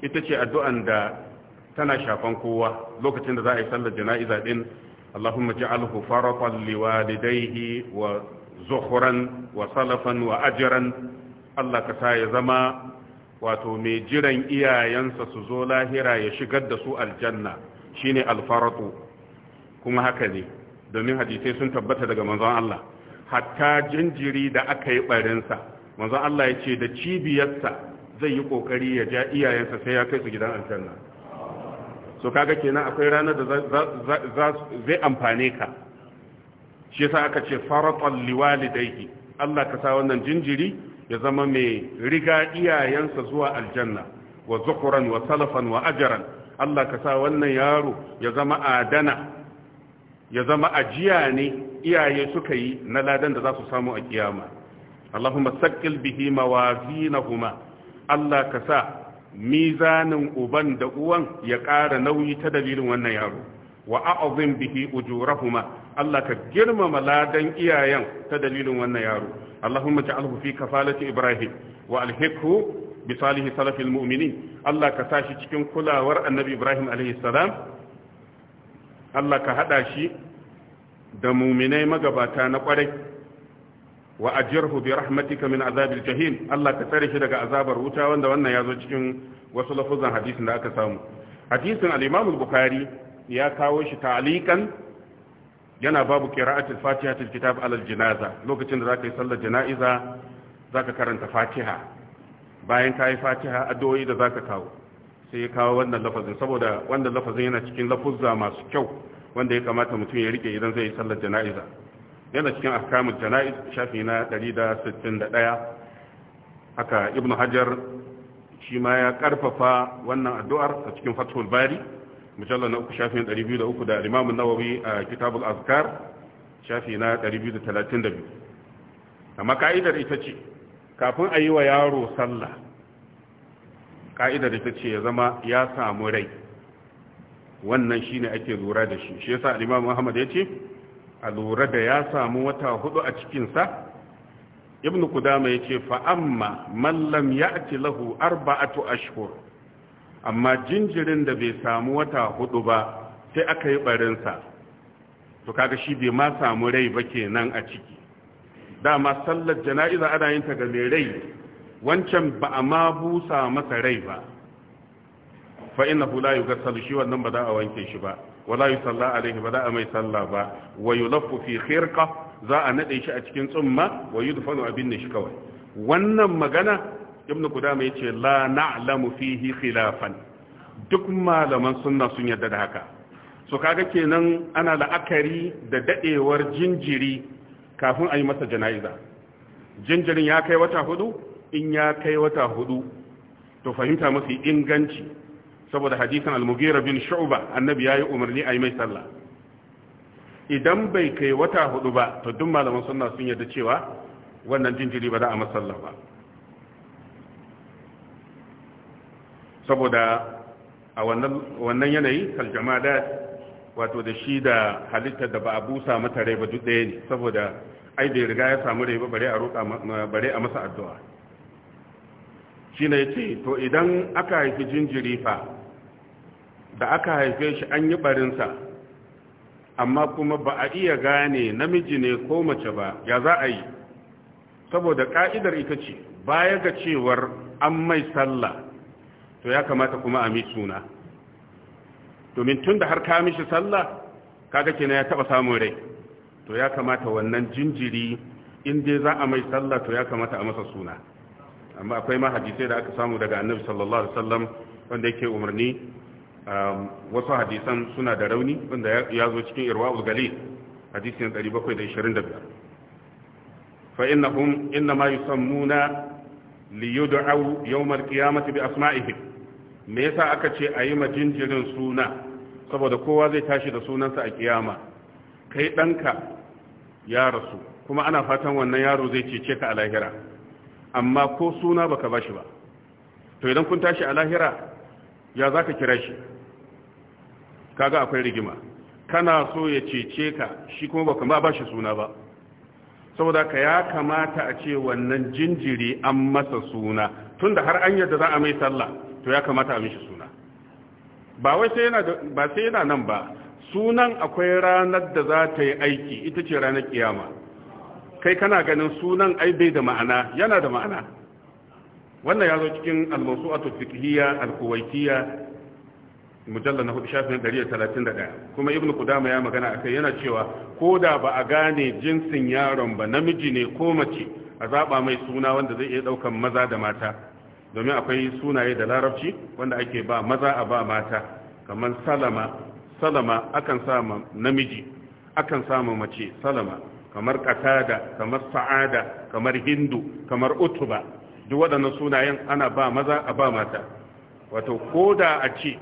ita ce addu'an da tana shafan kowa lokacin da za a yi sallar jana'iza din Allahumma ja'alhu faratan liwalidayhi wa zuhran wa salafan wa ajran Allah ka sa ya zama wato mai jiran iyayensa su zo lahira ya shigar da su aljanna shine alfaratu kuma haka ne domin hadisai sun tabbata daga manzon Allah hatta jinjiri da aka yi barinsa manzon Allah ya ce da cibiyarsa zai yi kokari ya ja iyayensa sai ya kai su gidan aljanna so kaga kenan akwai ranar da zai amfane ka shi yasa aka ce faratan liwalidayhi Allah ka sa wannan jinjiri ya zama mai riga iyayensa zuwa aljanna wa zukuran wa salafan wa ajran Allah ka sa wannan yaro ya zama adana ya zama ajiya ne iyaye suka yi na ladan da za su samu a kiyama Allahumma saqqil bihi mawazinahuma Allah ka sa mizanin uban da uwan ya ƙara nauyi ta dalilin wannan yaro wa a'azim bihi ujurahuma Allah ka girmama ladan iyayen ta dalilin wannan yaro Allahumma ja'alhu fi kafalati Ibrahim wa alhiqhu bi salihi salafil mu'minin Allah ka sa shi cikin kulawar Annabi Ibrahim alaihi salam Allah ka hada shi da muminai magabata na kwarai wa ajirhu bi rahmatika min azabil jahim Allah ka tsare shi daga azabar wuta wanda wannan ya zo cikin wasu lafuzan hadisin da aka samu hadisin al-Imam al-Bukhari ya kawo shi ta'alikan yana babu qira'atul Fatiha til kitab alal janaza lokacin da zaka yi sallar jana'iza zaka karanta Fatiha bayan kai Fatiha addu'o'i da zaka kawo sai ya kawo wannan lafazin saboda wannan lafazin yana cikin lafuzza masu kyau wanda ya kamata mutum ya rike idan zai yi sallar jana'iza yana cikin ahkamul jana'iz shafi na 161 haka Ibn hajar shi ma ya karfafa wannan addu'ar a cikin fathul bari mujallal na uku shafi na 203 da imam an-nawawi a kitabul azkar shafi na 232 amma ka'idar ita ce kafin a yi wa yaro sallah ka'idar ita ce ya zama ya samu rai wannan shi shine ake lura da shi shi ya sa imam Muhammad ya ce a lura da ya samu wata hudu a cikinsa ibnu kudama ya ce amma mallam ya ci lahu arba'atu ashhur amma jinjirin da bai samu wata hudu ba sai aka yi barinsa to kaga shi bai ma samu rai ba kenan a ciki dama sallar jana'iza ana yin ta ga mai rai wancan ba a ma busa masa rai ba fa innahu la yughassalu shi wannan ba za a wanke shi ba wala a alaihi ba za a mai sallah ba wa lafu fi khirka za a nade shi a cikin tsumma wa yudfanu abin ne shi kawai wannan magana ibnu qudama yace la na'lamu fihi khilafan duk malaman sunna sun yarda da haka so kaga kenan ana la'akari da daɗewar jinjiri kafin a yi masa jana'iza jinjirin ya kai wata hudu in ya kai wata hudu to fahimta mafi inganci saboda hadisin al-mughira bin shu'ba annabi yayi umarni ayi mai sallah idan bai kai wata hudu ba to duk malaman sunna sun yarda cewa wannan jinjiri ba za a masallah ba saboda a wannan yanayi kaljamada wato da shi da halittar da ba a busa mata rai ba duk ɗaya ne saboda ai bai riga ya samu rai ba bare a masa addu'a shi ne ce to idan aka haifi jinjiri fa da aka haife shi an yi barinsa amma kuma ba a iya gane namiji ne ko mace ba ya za a yi saboda ka'idar ita ce baya ga cewar an mai sallah to ya kamata kuma a mi suna domin tun da har ka mishi sallah kaga kenan ya taba samun rai to ya kamata wannan jinjiri in dai za a mai sallah to ya kamata a masa suna amma akwai ma da aka samu daga annabi sallallahu alaihi wasallam wanda yake umarni Um, wasu hadisan suna da rauni wanda ya zo cikin irwa galil hadisiyan 725 fa innahum innama yusammuna li yud'u yawm al-qiyamati bi asma'ihim me yasa aka ce ayi majinjirin suna saboda kowa zai tashi da sunansa a kiyama kai danka ya rasu kuma ana fatan wannan yaro zai cece ka a lahira amma ko suna baka bashi ba to idan kun tashi a lahira ya zaka kira shi kaga akwai rigima kana so ya cece ka shi kuma baka ba bashi suna ba saboda ka ya kamata a ce wannan jinjiri an masa suna tunda har an yadda za a mai sallah to ya kamata a mishi suna ba sai yana nan ba sunan akwai ranar da za ta yi aiki ita ce ranar kiyama kai kana ganin sunan ai bai da ma'ana yana da ma'ana wannan ya zo cikin al-mawsu'atu fiqhiyya al mujalla na hudu shafin 131 kuma ibn kudama ya magana a kai yana cewa ko da ba a gane jinsin yaron ba namiji ne ko mace a zaba mai suna wanda zai iya ɗaukan maza da mata domin akwai sunaye da larabci wanda ake ba maza a ba mata kamar salama salama akan sama namiji akan sama mace salama kamar katada kamar sa'ada kamar hindu kamar utuba duk waɗannan sunayen ana ba maza a ba mata wato ko da a ce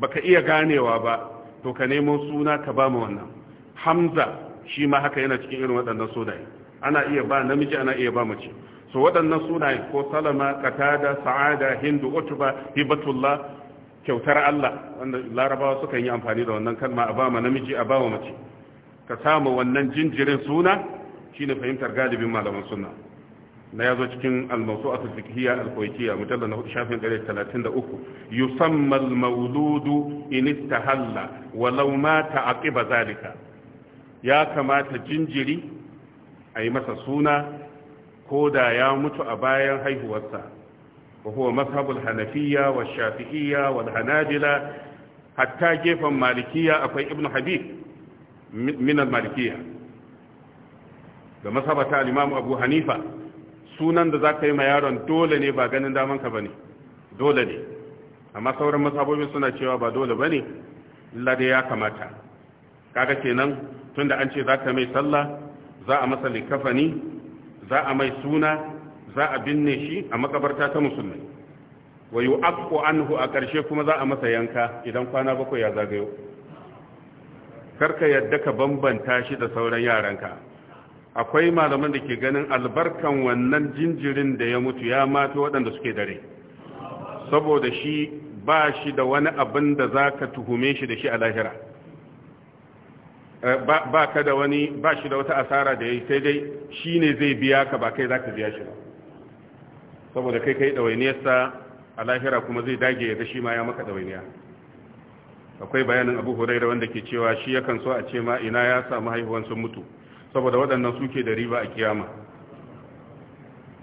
baka iya ganewa ba to ka nemo suna ka ba mu wannan hamza shi ma haka yana cikin irin waɗannan sunaye ana iya ba namiji ana iya ba mace so waɗannan sunaye ko salama qatada sa'ada hindu utba hibatullah kyautar Allah wanda larabawa suka yi amfani da wannan kalma a ba namiji a ba mace ka samu wannan jinjirin suna shine fahimtar galibin malaman sunna na yazo cikin al-mawsu'atu fiqhiyya al-kuwaitiyya mujallal na shafin 133 yusamma al-mawludu in istahalla walau mata aqiba zalika ya kamata jinjiri ayi masa suna ko da ya mutu a bayan haihuwarsa wa huwa mazhabul hanafiyya wa shafi'iyya wal hanabila hatta gefen malikiya akwai ibnu habib min al-malikiyya da masabata al-imam abu hanifa sunan da za ka yi ma yaron dole ne ba ganin damanka ba ne dole ne amma sauran masabobin suna cewa ba dole ba ne lade ya kamata kaga kenan tunda an ce za ka mai sallah za a masa likafani za a mai suna za a binne shi a makabarta ta musulmi wa yi afko anhu a ƙarshe kuma za a masa yanka idan kwana bakwai ya zagayo karka yadda ka bambanta shi da sauran yaranka akwai malaman da ke ganin albarkan wannan jinjirin da ya mutu ya mata waɗanda suke dare saboda shi ba shi da wani abin da za ka tuhume shi da shi a lahira eh, ba ka da wani ba shi da wata asara da ya yi sai dai shi ne zai biya ka ba kai za ka biya shi ba saboda kai kai ɗawainiyarsa a lahira kuma zai dage ya ga shi ma ya maka ɗawainiya akwai bayanin abu huraira wanda ke cewa shi yakan so a ce ma ina ya samu haihuwan sun mutu saboda waɗannan suke da riba a kiyama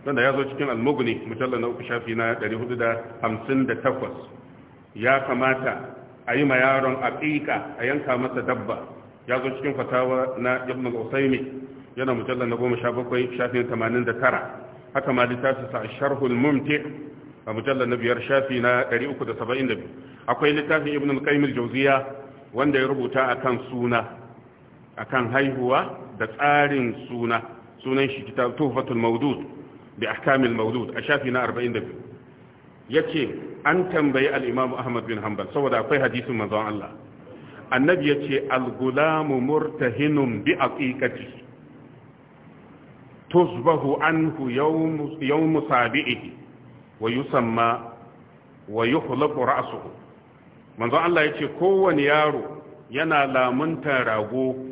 don da ya zo cikin almugni mujallar na uku shafi na 458 ya kamata a yi ma yaron aƙiƙa a yanka masa dabba ya zo cikin fatawa na ibn al yana mujallar na goma sha bakwai na tamanin da tara haka ma littafi sa sharhul mumti a mujallar na biyar shafi na 372 akwai littafin ibn al-qaimil jauziya wanda ya rubuta akan suna akan haihuwa da tsarin suna sunan shi kitab tuhfatul maudud bi ahkamil maudud a shafi na 42 yace an tambayi al-imam ahmad bin hanbal saboda akwai hadisin manzon Allah annabi yace al-gulamu murtahinun bi aqiqati tusbahu anhu yawm yawm sabi'ihi wa yusamma wa yuhlaqu ra'suhu manzon Allah yace kowane yaro yana lamunta rago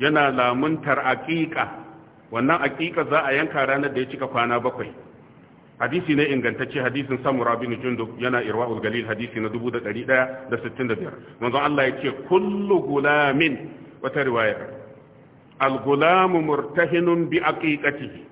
yana lamuntar aqiqa wannan aqiqa za a yanka ranar da ya cika kwana bakwai hadisi ne ingantacce hadisin samura bin jundub yana irwaul galil hadisi na 1165 manzon Allah yace kullu gulamin wata riwaya al gulamu murtahinun bi aqiqatihi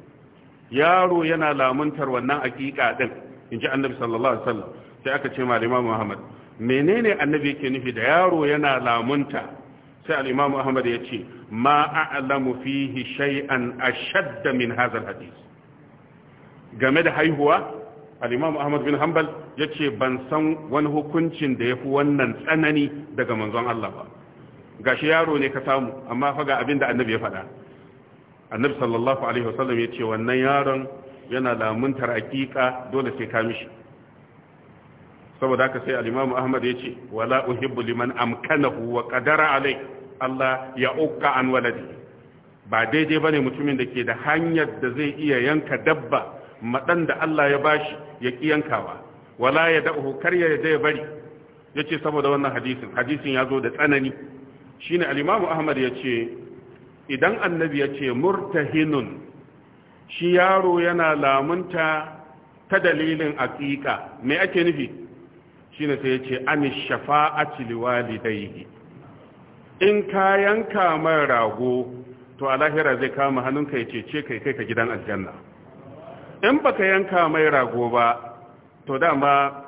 yaro yana lamuntar wannan aqiqa din inji annabi sallallahu alaihi wasallam sai aka ce ma Muhammad menene annabi yake nufi da yaro yana lamunta sai al-imamu ahmad ya ce ma a'lamu fihi shay'an ashadda min hadha al game da haihuwa al ahmad bin hanbal ce ban san wani hukuncin da yafi wannan tsanani daga manzon Allah ba gashi yaro ne ka samu amma faga abin abinda annabi ya faɗa annabi sallallahu alaihi wasallam ce wannan yaron yana lamuntar aqiqa dole sai ka mishi saboda haka sai al Ahmad Ahmad yace wala uhibbu liman amkanahu wa qadara alai Allah ya ukka an waladi ba daidai bane mutumin da ke da hanyar da zai iya yanka dabba madan da Allah ya bashi ya ki yankawa wala ya da'uhu karya ya ya bari yace saboda wannan hadisin hadisin yazo da tsanani shine al Ahmad Ahmad yace idan annabi yace murtahinun shi yaro yana lamunta ta dalilin aqiqa me ake nufi shine sai yace ani shafa'ati liwalidayhi in ka yanka mai rago to a lahira zai kama hannunka ya ce kai kai ka gidan aljanna in baka yanka mai rago ba to dama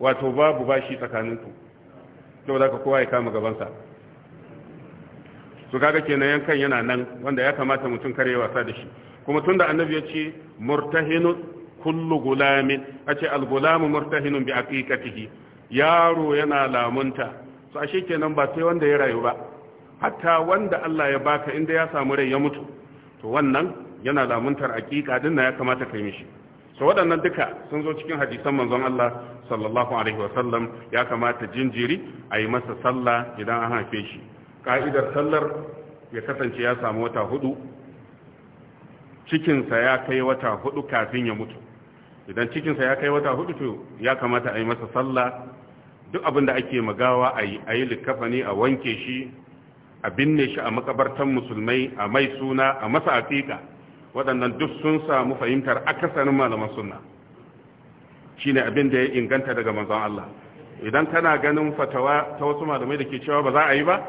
wato babu bashi tsakaninku to da ka kowa ya kama gabansa su kaga kenan yankan yana nan wanda ya kamata mutum kare wasa da shi kuma tunda annabi ya ce murtahinu kullu gulamin ace al-gulamu murtahinun bi aqiqatihi yaro yana lamunta so ashe kenan ba sai wanda ya rayu ba hatta wanda Allah ya baka inda ya samu rai ya mutu to wannan yana lamuntar aqiqa din na ya kamata kai mishi so waɗannan duka sun zo cikin hadisan manzon Allah sallallahu alaihi sallam, ya kamata jinjiri a yi masa sallah idan an haife shi ka'idar sallar ya kasance ya samu wata hudu cikinsa ya kai wata hudu kafin ya mutu idan cikinsa ya kai wata hudu to ya kamata a yi masa sallah duk abin da ake magawa a yi a likafani a wanke shi a binne shi a makabartan musulmai a mai suna a masa afika waɗannan duk sun samu fahimtar akasarin malaman sunna shine abin da ya inganta daga manzon Allah idan kana ganin fatawa ta wasu malamai da ke cewa ba za a yi ba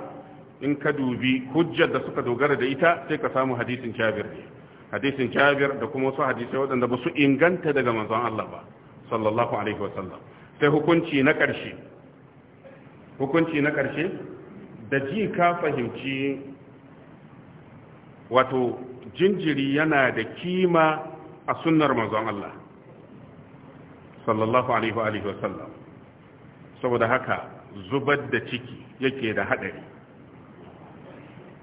in ka dubi hujjar da suka dogara da ita sai ka samu hadisin jabir ne hadisin jabir da kuma wasu hadisai waɗanda ba su inganta daga manzon Allah ba sallallahu alaihi wasallam sai hukunci na ƙarshe hukunci na ƙarshe da ji ka fahimci wato jinjiri yana da kima a sunnar manzon Allah sallallahu alaihi wasallam saboda haka zubar da ciki yake da haɗari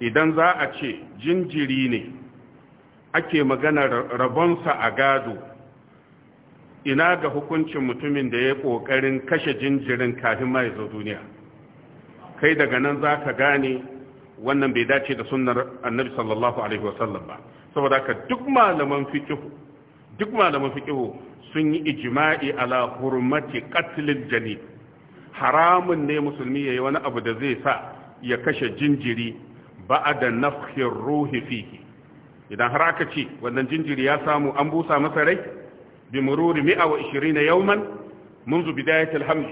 idan za a ce jinjiri ne ake magana rabonsa a gado ina ga hukuncin mutumin da ya ƙoƙarin kashe jinjirin kafin ma zo duniya kai daga nan za ka gane wannan bai dace da sunnar annabi sallallahu alaihi wasallam ba saboda ka duk malaman fikihu sun yi ijima'i ala hurmati qatlil jani haramun ne musulmi yayi wani abu da zai sa ya kashe jinjiri ba'da nafkhir ruhi fihi idan har aka ce wannan jinjiri ya samu an busa masa rai bi mururi 120 yawman منذ بداية الحمل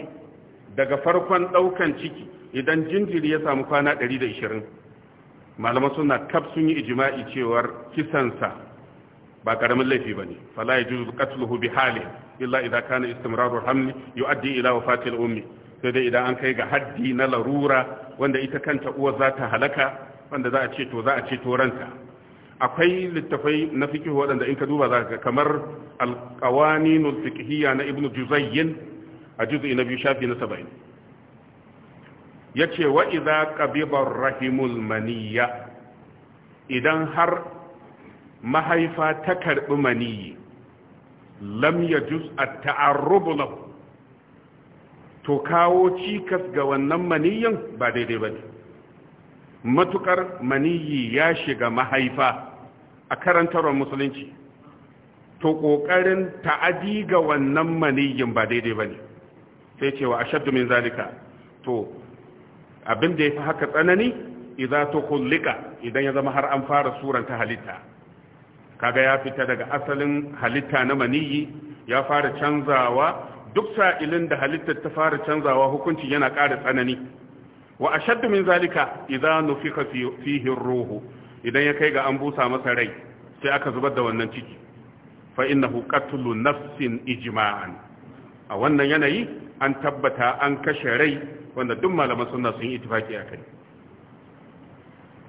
daga farkon daukan ciki idan jinjiri ya samu kwana 120 malaman suna kaf sun yi ijma'i cewar kisansa ba karamin laifi bane fala yajuzu qatluhu bi hali illa idza kana istimraru yau haml yuaddi ila wafati ummi sai dai idan an kai ga haddi na larura wanda ita kanta uwar za ta halaka wanda za a ce to za a ce to ranta akwai littafai na fikihu waɗanda in ka duba za ka kamar alƙawaninul fiqhiyya na ibnu juzayyin a juz'i na biyu shafi na saba'in ya ce wa iza ƙabibar rahimul maniyya idan har mahaifa ta karɓi maniyi lam ya juz a ta'arrubu lahu to kawo cikas ga wannan maniyyan ba daidai ba ne matukar maniyi ya shiga mahaifa a karantarwar musulunci to ƙoƙarin ta'adi ga wannan maniyin ba daidai ba ne sai cewa a shaddu min zalika to abin da ya fi haka tsanani idan to kullika idan ya zama har an fara suran ta halitta kaga ya fita daga asalin halitta na maniyi ya fara canzawa duk sa'ilin da halittar ta fara canzawa hukunci yana ƙara tsanani wa ashaddu min zalika idan nufika fihi ruhu idan ya kai ga an busa masa rai sai aka zubar da wannan ciki fa innahu qatlu nafsin ijma'an a wannan yanayi an tabbata an kashe rai wanda duk malaman sunna sun yi ittifaki akai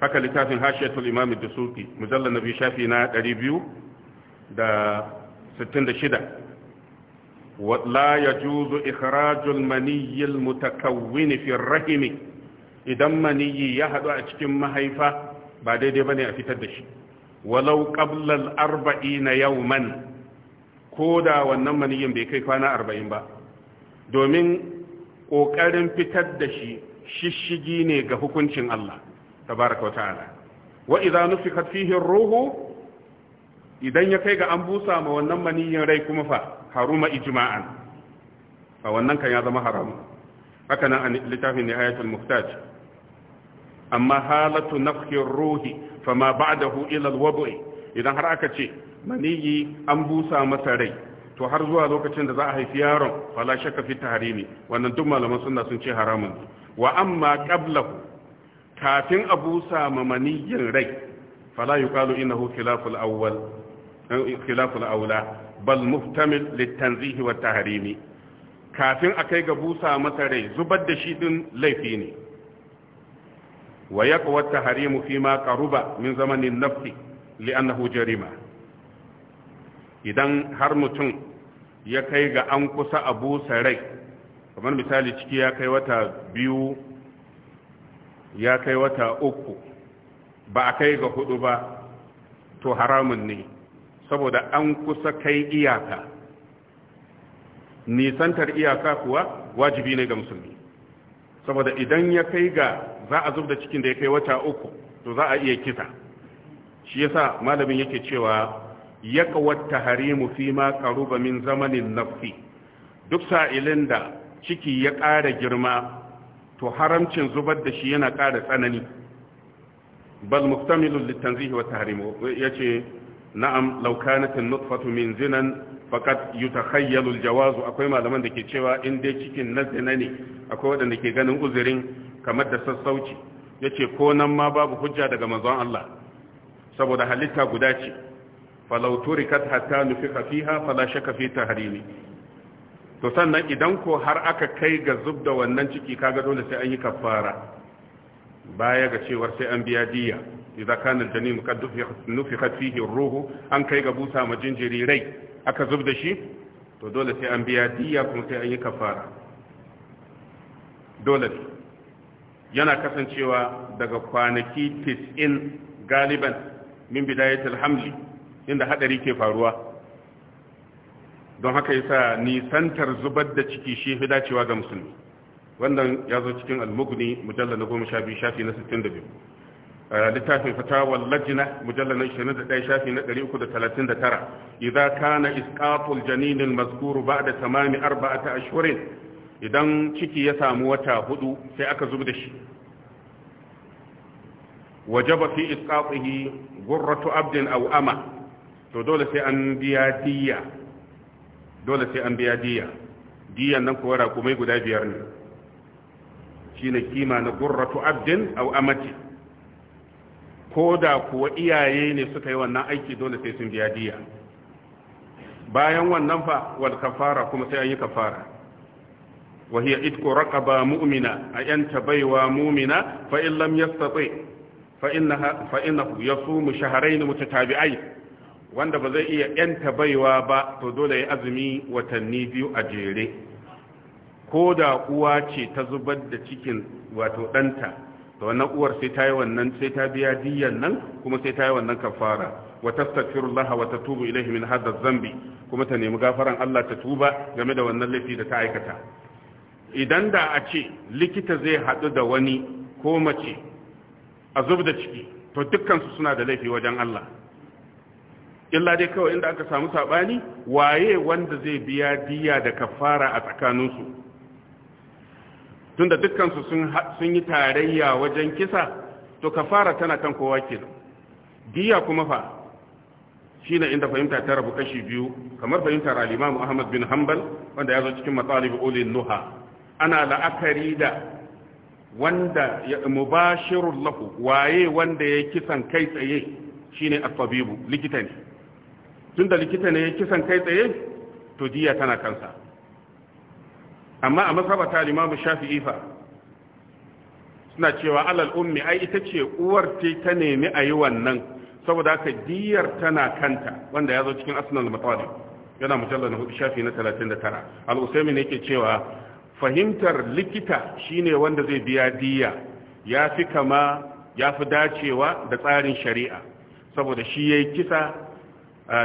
haka littafin hashiyatul imam ad-dusuti mujallal nabi shafi na 200 da 66 wa la yajuzu ikhrajul maniyyi al-mutakawwin fi ar-rahim idan maniyyi ya hadu a cikin mahaifa ba daidai bane a fitar da shi walau qablal arba'ina yawman ko da wannan maniyin bai kai kwana arba'in ba domin ƙoƙarin fitar da shi shishigi ne ga hukuncin Allah tabaraka wata'ala wa idza nufikat fihi ruhu idan ya kai ga an busa ma wannan maniyin rai kuma fa haruma ijma'an fa wannan kan ya zama haramu haka nan a littafin nihayatul muhtaj amma halatu nafkin ruhi fama hu ila alwad'i idan har aka ce maniyi an busa masa rai to har zuwa lokacin da za a haifi yaron fala shakka fi tahrimi wannan duk malaman sunna sun ce haramun wa amma qablahu kafin a busa ma maniyin rai fala yuqalu innahu khilaful awwal eh, khilaful aula bal muhtamil litanzihi wa tahrimi kafin a kai ga busa masa rai zubar da shi din laifi ne wa wata at-tahrimu fi ma qaruba min zamanin nafsi li'annahu jarima idan har mutum ya kai ga an kusa a busa rai kamar misali ciki ya kai wata biyu ya kai wata uku ba a kai ga hudu ba to haramun ne saboda an kusa kai iyaka nisantar iyaka kuwa wajibi ne ga musulmi saboda idan ya kai ga za a zub da cikin da ya kai wata uku to za a iya kisa shi yasa malamin yake cewa yaqwat harimu fi ma karuba min zamanin nafsi duk sa'ilin da ciki ya ƙara girma to haramcin zubar da shi yana ƙara tsanani bal muhtamilun litanzihi wa tahrimu yace na'am law kanat an-nutfatu min zinan fakat yutakhayyalu al-jawazu akwai malaman da ke cewa in dai cikin na zina ne akwai waɗanda ke ganin uzurin kamar da sassauci yace ko nan ma babu hujja daga manzon Allah saboda halitta guda ce falau turikat hatta nufika fiha fala shakka fi tahrimi to sannan idan ko har aka kai ga zubda wannan ciki kaga dole sai an yi kafara baya ga cewar sai an biya diya idza kana aljanin qad nufika fihi ruhu an kai ga busa ma jinjiri rai aka zubda shi to dole sai an biya diya kuma sai an yi kafara dole yana kasancewa daga kwanaki 90 galiban min bidayatul hamli inda hadari ke faruwa don haka yasa nisantar zubar da ciki shi fi dacewa ga musulmi wannan ya zo cikin al almugni mujalla na goma sha biyu shafi na 62 littafin fatawa lajina mujalla na 21 shafi na 339 idza kana isqatul janin al-mazkur ba'da tamami arba'ata ashhurin idan ciki ya samu wata hudu sai aka zub da shi wajaba fi isqatihi gurratu abdin aw ama to dole sai an biya diya dole sai an biya diya diyan nan ko kuwa rakumai guda biyar ne shine kima na gurratu abdin aw amati ko da kuwa iyaye ne suka yi wannan aiki dole sai sun biya diya bayan wannan fa wal kafara kuma sai an yi kafara وهي إتك رقبة مؤمنة أي أنت بيوى مؤمنة فإن لم يستطيع فإنها فإنه يصوم شهرين متتابعين wanda ba zai iya ‘yanta baiwa ba to dole ya azumi watanni biyu a jere ko da uwa ce ta zubar da cikin wato ɗanta da wannan uwar sai ta yi wannan sai ta biya diyan nan kuma sai ta yi wannan kafara wata stafirullah wata tubu ilahi min zambi kuma ta nemi gafaran Allah ta tuba game da wannan laifi da ta aikata idan da a ce likita zai haɗu da wani ko mace a zub da ciki to dukkansu suna da laifi wajen Allah illa dai kawai inda aka samu saɓani waye wanda zai biya diya da kafara a tsakaninsu tunda dukkansu sun yi tarayya wajen kisa to kafara tana kan kowa ke diya kuma fa shi ne inda fahimta ta rabu kashi biyu kamar fahimtar al ahmad bin hanbal wanda ya zo cikin matsalib ulil nuha ana la'akari da wanda ya mubashirun lahu waye wanda ya kisan kai tsaye shine at-tabibu likita ne tunda likita ne ya kisan kai tsaye to diya tana kansa amma a masaba ta imam Shafi'i fa suna cewa alal ummi ai ita ce uwar ce ta nemi ayi wannan saboda haka diyar tana kanta wanda ya zo cikin asnal mutawalli yana mujallal na hudu shafi na 39 al-usaimi ne yake cewa fahimtar likita shine wanda zai biya diya ya fi kama ya fi dacewa da tsarin shari'a saboda shi ya yi kisa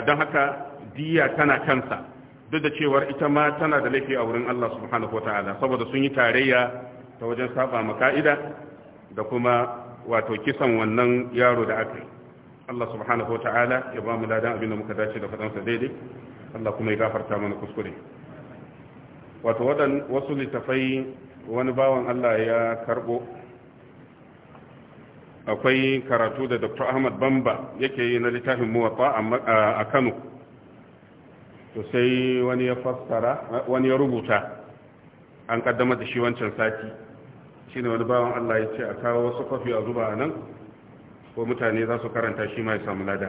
don haka diya tana kansa duk da cewar ita ma tana da laifi a wurin Allah subhanahu wa ta'ala saboda sun yi tarayya ta wajen saba maka'ida da kuma wato kisan wannan yaro da aka yi Allah subhanahu wa ta'ala ya ba mu ladan abin da muka dace da faɗansa daidai Allah kuma ya gafarta mana kuskure wato wasu littafai wani bawan Allah ya karbo akwai karatu da dr ahmad bamba yake yi na littafin muwatta a kano to sai wani ya fassara wani ya rubuta an ƙaddamar da shi wancan sati shi wani bawan allah ya ce a kawo wasu kwafi a zuba a nan ko mutane za su karanta shi mai samu lada